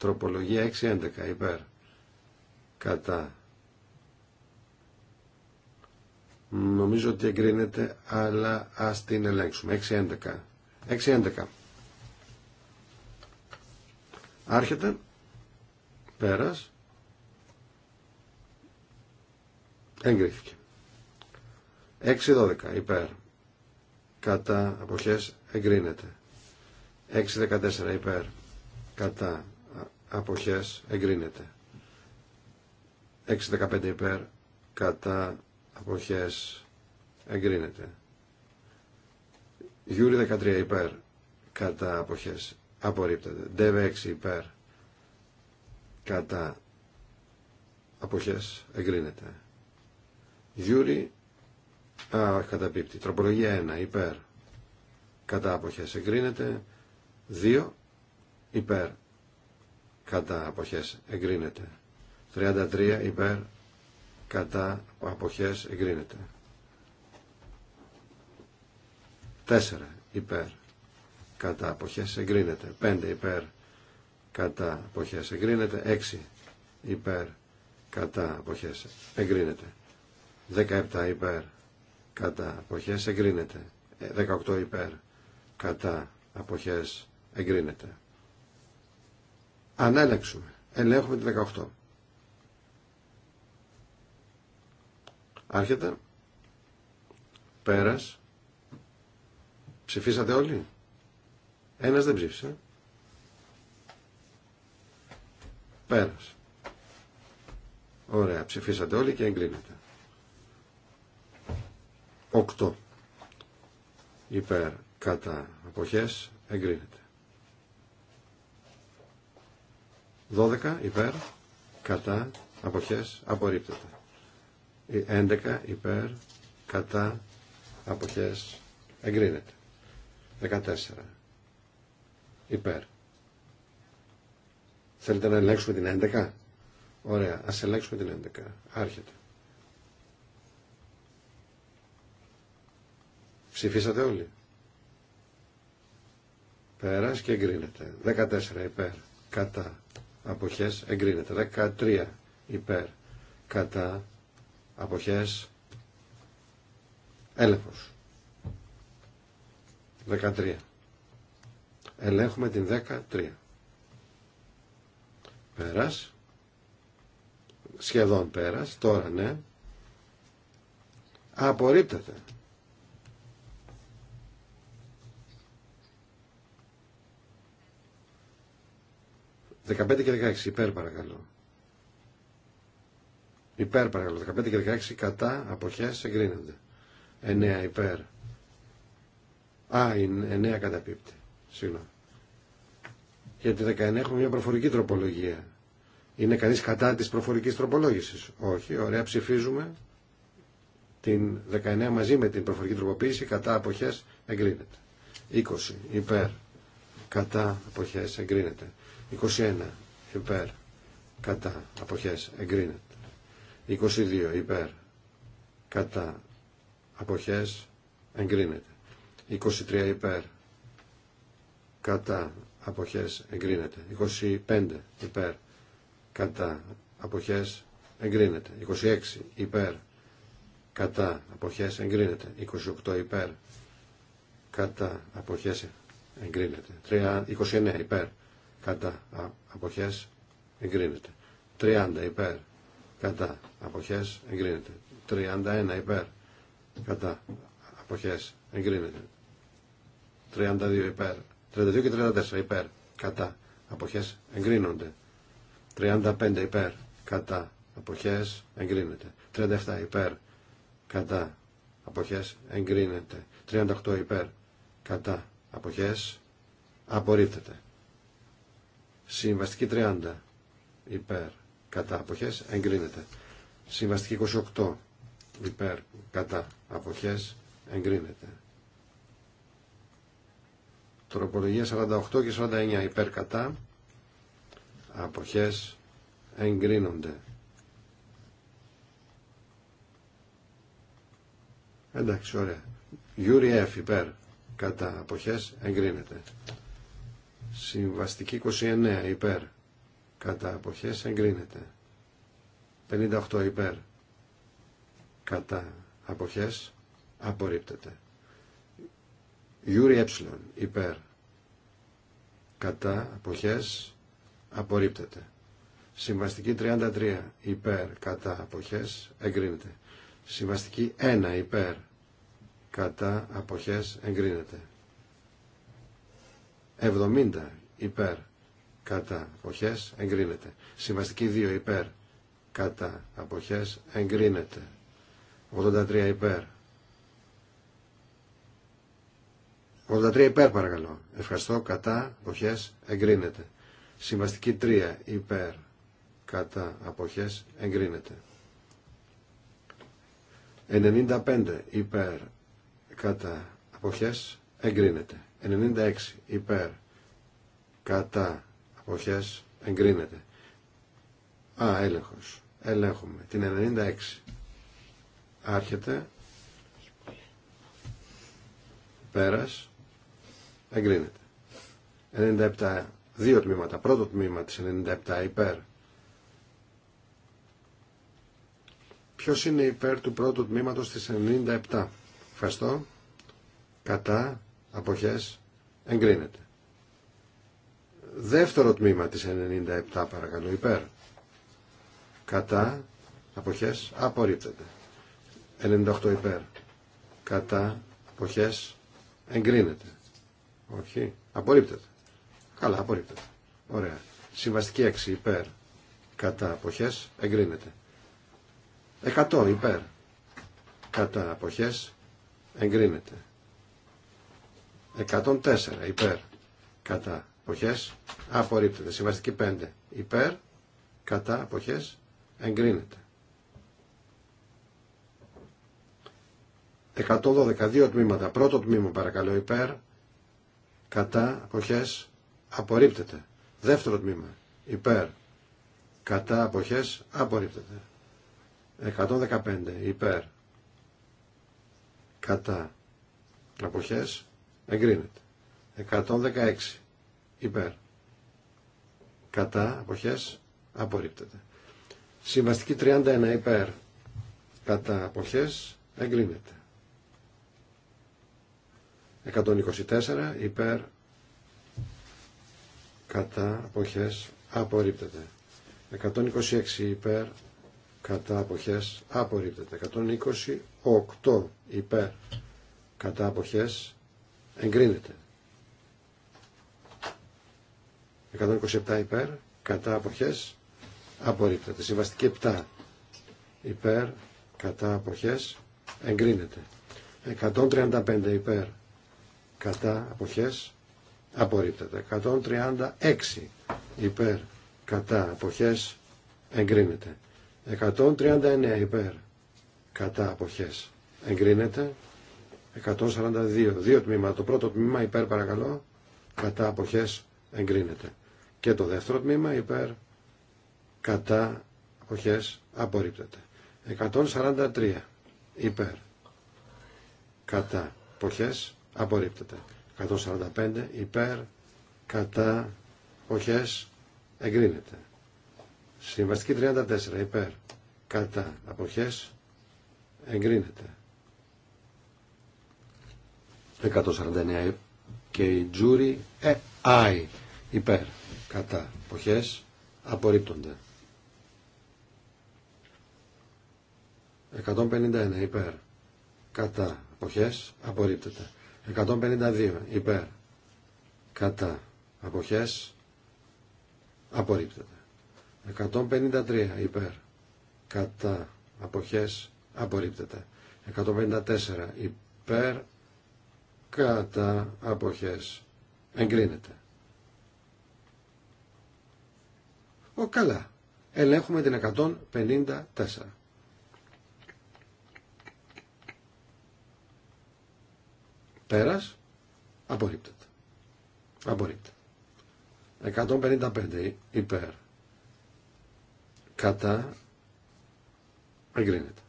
Τροπολογία 6.11 υπέρ. Κατά. Νομίζω ότι εγκρίνεται, αλλά ας την ελέγξουμε. 6.11. 6.11. Άρχεται. Πέρας. Εγκρίθηκε. 6.12 υπέρ. Κατά αποχές εγκρίνεται. 6.14 υπέρ. Κατά αποχές εγκρίνεται. 6-15 υπέρ κατά αποχές εγκρίνεται. Γιούρι 13 υπέρ κατά αποχές απορρίπτεται. Ντεβε 6 υπέρ κατά αποχές εγκρίνεται. Γιούρι α, καταπίπτει. Τροπολογία 1 υπέρ κατά αποχές εγκρίνεται. 2 υπέρ κατά αποχές εγκρίνεται. 33 υπέρ κατά αποχές εγκρίνεται. 4 υπέρ κατά αποχές εγκρίνεται. 5 υπέρ κατά αποχές εγκρίνεται. 6 υπέρ κατά αποχές εγκρίνεται. 17 υπέρ κατά αποχές εγκρίνεται. 18 υπέρ κατά αποχές εγκρίνεται. Ανέλεξουμε. Ελέγχουμε την 18. Άρχεται. Πέρας. Ψηφίσατε όλοι. Ένας δεν ψήφισε. Πέρας. Ωραία. Ψηφίσατε όλοι και εγκρίνεται. 8. Υπέρ κατά αποχές εγκρίνεται. 12 υπέρ, κατά, αποχές, απορρίπτεται. 11 υπέρ, κατά, αποχές, εγκρίνεται. 14 υπέρ. Θέλετε να ελέγξουμε την 11. Ωραία, ας ελέγξουμε την 11. Άρχεται. Ψηφίσατε όλοι. Πέρας και εγκρίνεται. 14 υπέρ, κατά, αποχές εγκρίνεται. 13 υπέρ κατά αποχές έλεγχος. 13. Ελέγχουμε την 13. Πέρας. Σχεδόν πέρας. Τώρα ναι. Απορρίπτεται. 15 και 16 υπέρ παρακαλώ. Υπέρ παρακαλώ. 15 και 16 κατά αποχές εγκρίνονται. 9 υπέρ. Α, είναι 9 καταπίπτει. Συγγνώμη. Για τη 19 έχουμε μια προφορική τροπολογία. Είναι κανείς κατά της προφορικής τροπολόγησης. Όχι. Ωραία. Ψηφίζουμε την 19 μαζί με την προφορική τροποποίηση. Κατά αποχές εγκρίνεται. 20 υπέρ. Κατά αποχές εγκρίνεται. 21 υπέρ κατά αποχές εγκρίνεται 22 υπέρ κατά αποχές εγκρίνεται 23 υπέρ κατά αποχές εγκρίνεται 25 υπέρ κατά αποχές εγκρίνεται 26 υπέρ κατά αποχές εγκρίνεται 28 υπέρ κατά αποχές εγκρίνεται 29 υπέρ κατά αποχές εγκρίνεται. 30 υπέρ κατά αποχές εγκρίνεται. 31 υπέρ κατά αποχές εγκρίνεται. 32 υπέρ. 32 και 34 υπέρ κατά αποχές εγκρίνονται. 35 υπέρ κατά αποχές εγκρίνεται. 37 υπέρ κατά αποχές εγκρίνεται. 38 υπέρ κατά αποχές απορρίπτεται. Συμβαστική 30 υπέρ κατά αποχές εγκρίνεται. Συμβαστική 28 υπέρ κατά αποχές εγκρίνεται. Τροπολογία 48 και 49 υπέρ κατά αποχές εγκρίνονται. Εντάξει, ωραία. Γιούρι υπέρ κατά αποχές εγκρίνεται. Συμβαστική 29 υπέρ. Κατά αποχές εγκρίνεται. 58 υπέρ. Κατά αποχές απορρίπτεται. Γιούρι ε υπέρ. Κατά αποχές απορρίπτεται. Συμβαστική 33 υπέρ κατά αποχές εγκρίνεται. Συμβαστική 1 υπέρ κατά αποχές εγκρίνεται. 70 υπέρ κατά αποχές εγκρίνεται. Συμβαστική 2 υπέρ κατά αποχές εγκρίνεται. 83 υπέρ. 83 υπέρ παρακαλώ. Ευχαριστώ. Κατά αποχές εγκρίνεται. Συμβαστική 3 υπέρ κατά αποχές εγκρίνεται. 95 υπέρ κατά αποχές εγκρίνεται. 96 υπέρ κατά αποχές εγκρίνεται. Α, έλεγχος. Ελέγχουμε. Την 96 άρχεται. Πέρας. Εγκρίνεται. 97. Δύο τμήματα. Πρώτο τμήμα της 97 υπέρ. Ποιος είναι υπέρ του πρώτου τμήματος της 97. Ευχαριστώ. Κατά αποχές εγκρίνεται. Δεύτερο τμήμα της 97 παρακαλώ υπέρ. Κατά αποχές απορρίπτεται. 98 υπέρ. Κατά αποχές εγκρίνεται. Όχι. Απορρίπτεται. Καλά απορρίπτεται. Ωραία. Συμβαστική 6 υπέρ. Κατά αποχές εγκρίνεται. 100 υπέρ. Κατά αποχές εγκρίνεται. 104 υπέρ κατά αποχές απορρίπτεται. Συμβαστική 5 υπέρ κατά αποχές εγκρίνεται. 112 δύο τμήματα. Πρώτο τμήμα παρακαλώ υπέρ κατά αποχές απορρίπτεται. Δεύτερο τμήμα υπέρ κατά αποχές απορρίπτεται. 115 υπέρ κατά αποχές εγκρίνεται. 116 υπέρ. Κατά αποχές απορρίπτεται. Συμβαστική 31 υπέρ. Κατά αποχές εγκρίνεται. 124 υπέρ. Κατά αποχές απορρίπτεται. 126 υπέρ. Κατά αποχές απορρίπτεται. 128 υπέρ. Κατά αποχές εγκρίνεται. 127 υπέρ, κατά αποχές, απορρίπτεται. Συμβαστική 7 υπέρ, κατά αποχές, εγκρίνεται. 135 υπέρ, κατά αποχές, απορρίπτεται. 136 υπέρ, κατά αποχές, εγκρίνεται. 139 υπέρ, κατά αποχές, εγκρίνεται. 142. Δύο τμήματα. Το πρώτο τμήμα υπέρ παρακαλώ. Κατά αποχές εγκρίνεται. Και το δεύτερο τμήμα υπέρ κατά αποχές απορρίπτεται. 143 υπέρ κατά αποχές απορρίπτεται. 145 υπέρ κατά αποχές εγκρίνεται. Συμβαστική 34 υπέρ κατά αποχές εγκρίνεται. 149 και η Τζούρι ε, άι, υπέρ κατά ποχές, απορρίπτονται 151 υπέρ κατά ποχές, απορρίπτεται 152 υπέρ κατά αποχές απορρίπτεται 153 υπέρ κατά αποχές απορρίπτεται 154 υπέρ κατά αποχές εγκρίνεται. Ο καλά. Ελέγχουμε την 154. Πέρας. Απορρίπτεται. Απορρίπτεται. 155 υπέρ. Κατά. Εγκρίνεται.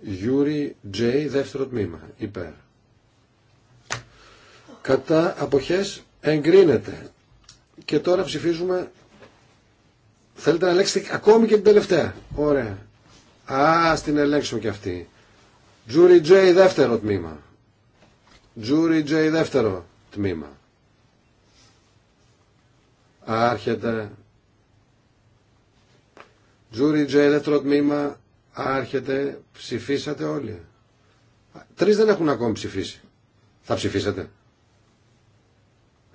Γιούρι J δεύτερο τμήμα υπέρ κατά αποχές εγκρίνεται. Και τώρα ψηφίζουμε, θέλετε να ελέγξετε ακόμη και την τελευταία. Ωραία. Α, ας την ελέγξουμε και αυτή. Jury J δεύτερο τμήμα. Jury J δεύτερο τμήμα. Άρχεται. Jury J δεύτερο τμήμα. Άρχεται. Ψηφίσατε όλοι. Τρεις δεν έχουν ακόμη ψηφίσει. Θα ψηφίσετε.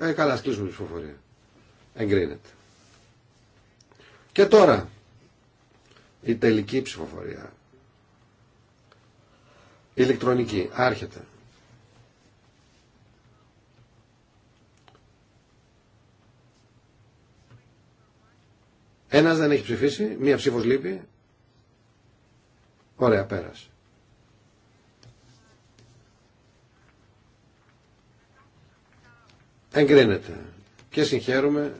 Ε, καλά, ας κλείσουμε την ψηφοφορία. Εγκρίνεται. Και τώρα, η τελική ψηφοφορία. Ηλεκτρονική, άρχεται. Ένας δεν έχει ψηφίσει, μία ψήφος λείπει. Ωραία, πέρασε. εγκρίνεται. Και συγχαίρομαι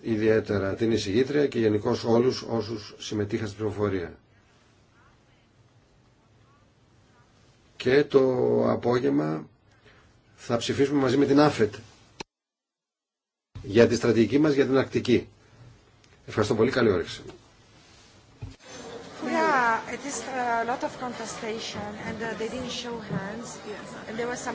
ιδιαίτερα την εισηγήτρια και γενικώ όλους όσους συμμετείχαν στην πληροφορία. Και το απόγευμα θα ψηφίσουμε μαζί με την ΑΦΕΤ για τη στρατηγική μας για την Αρκτική. Ευχαριστώ πολύ. Καλή όρεξη. Yeah,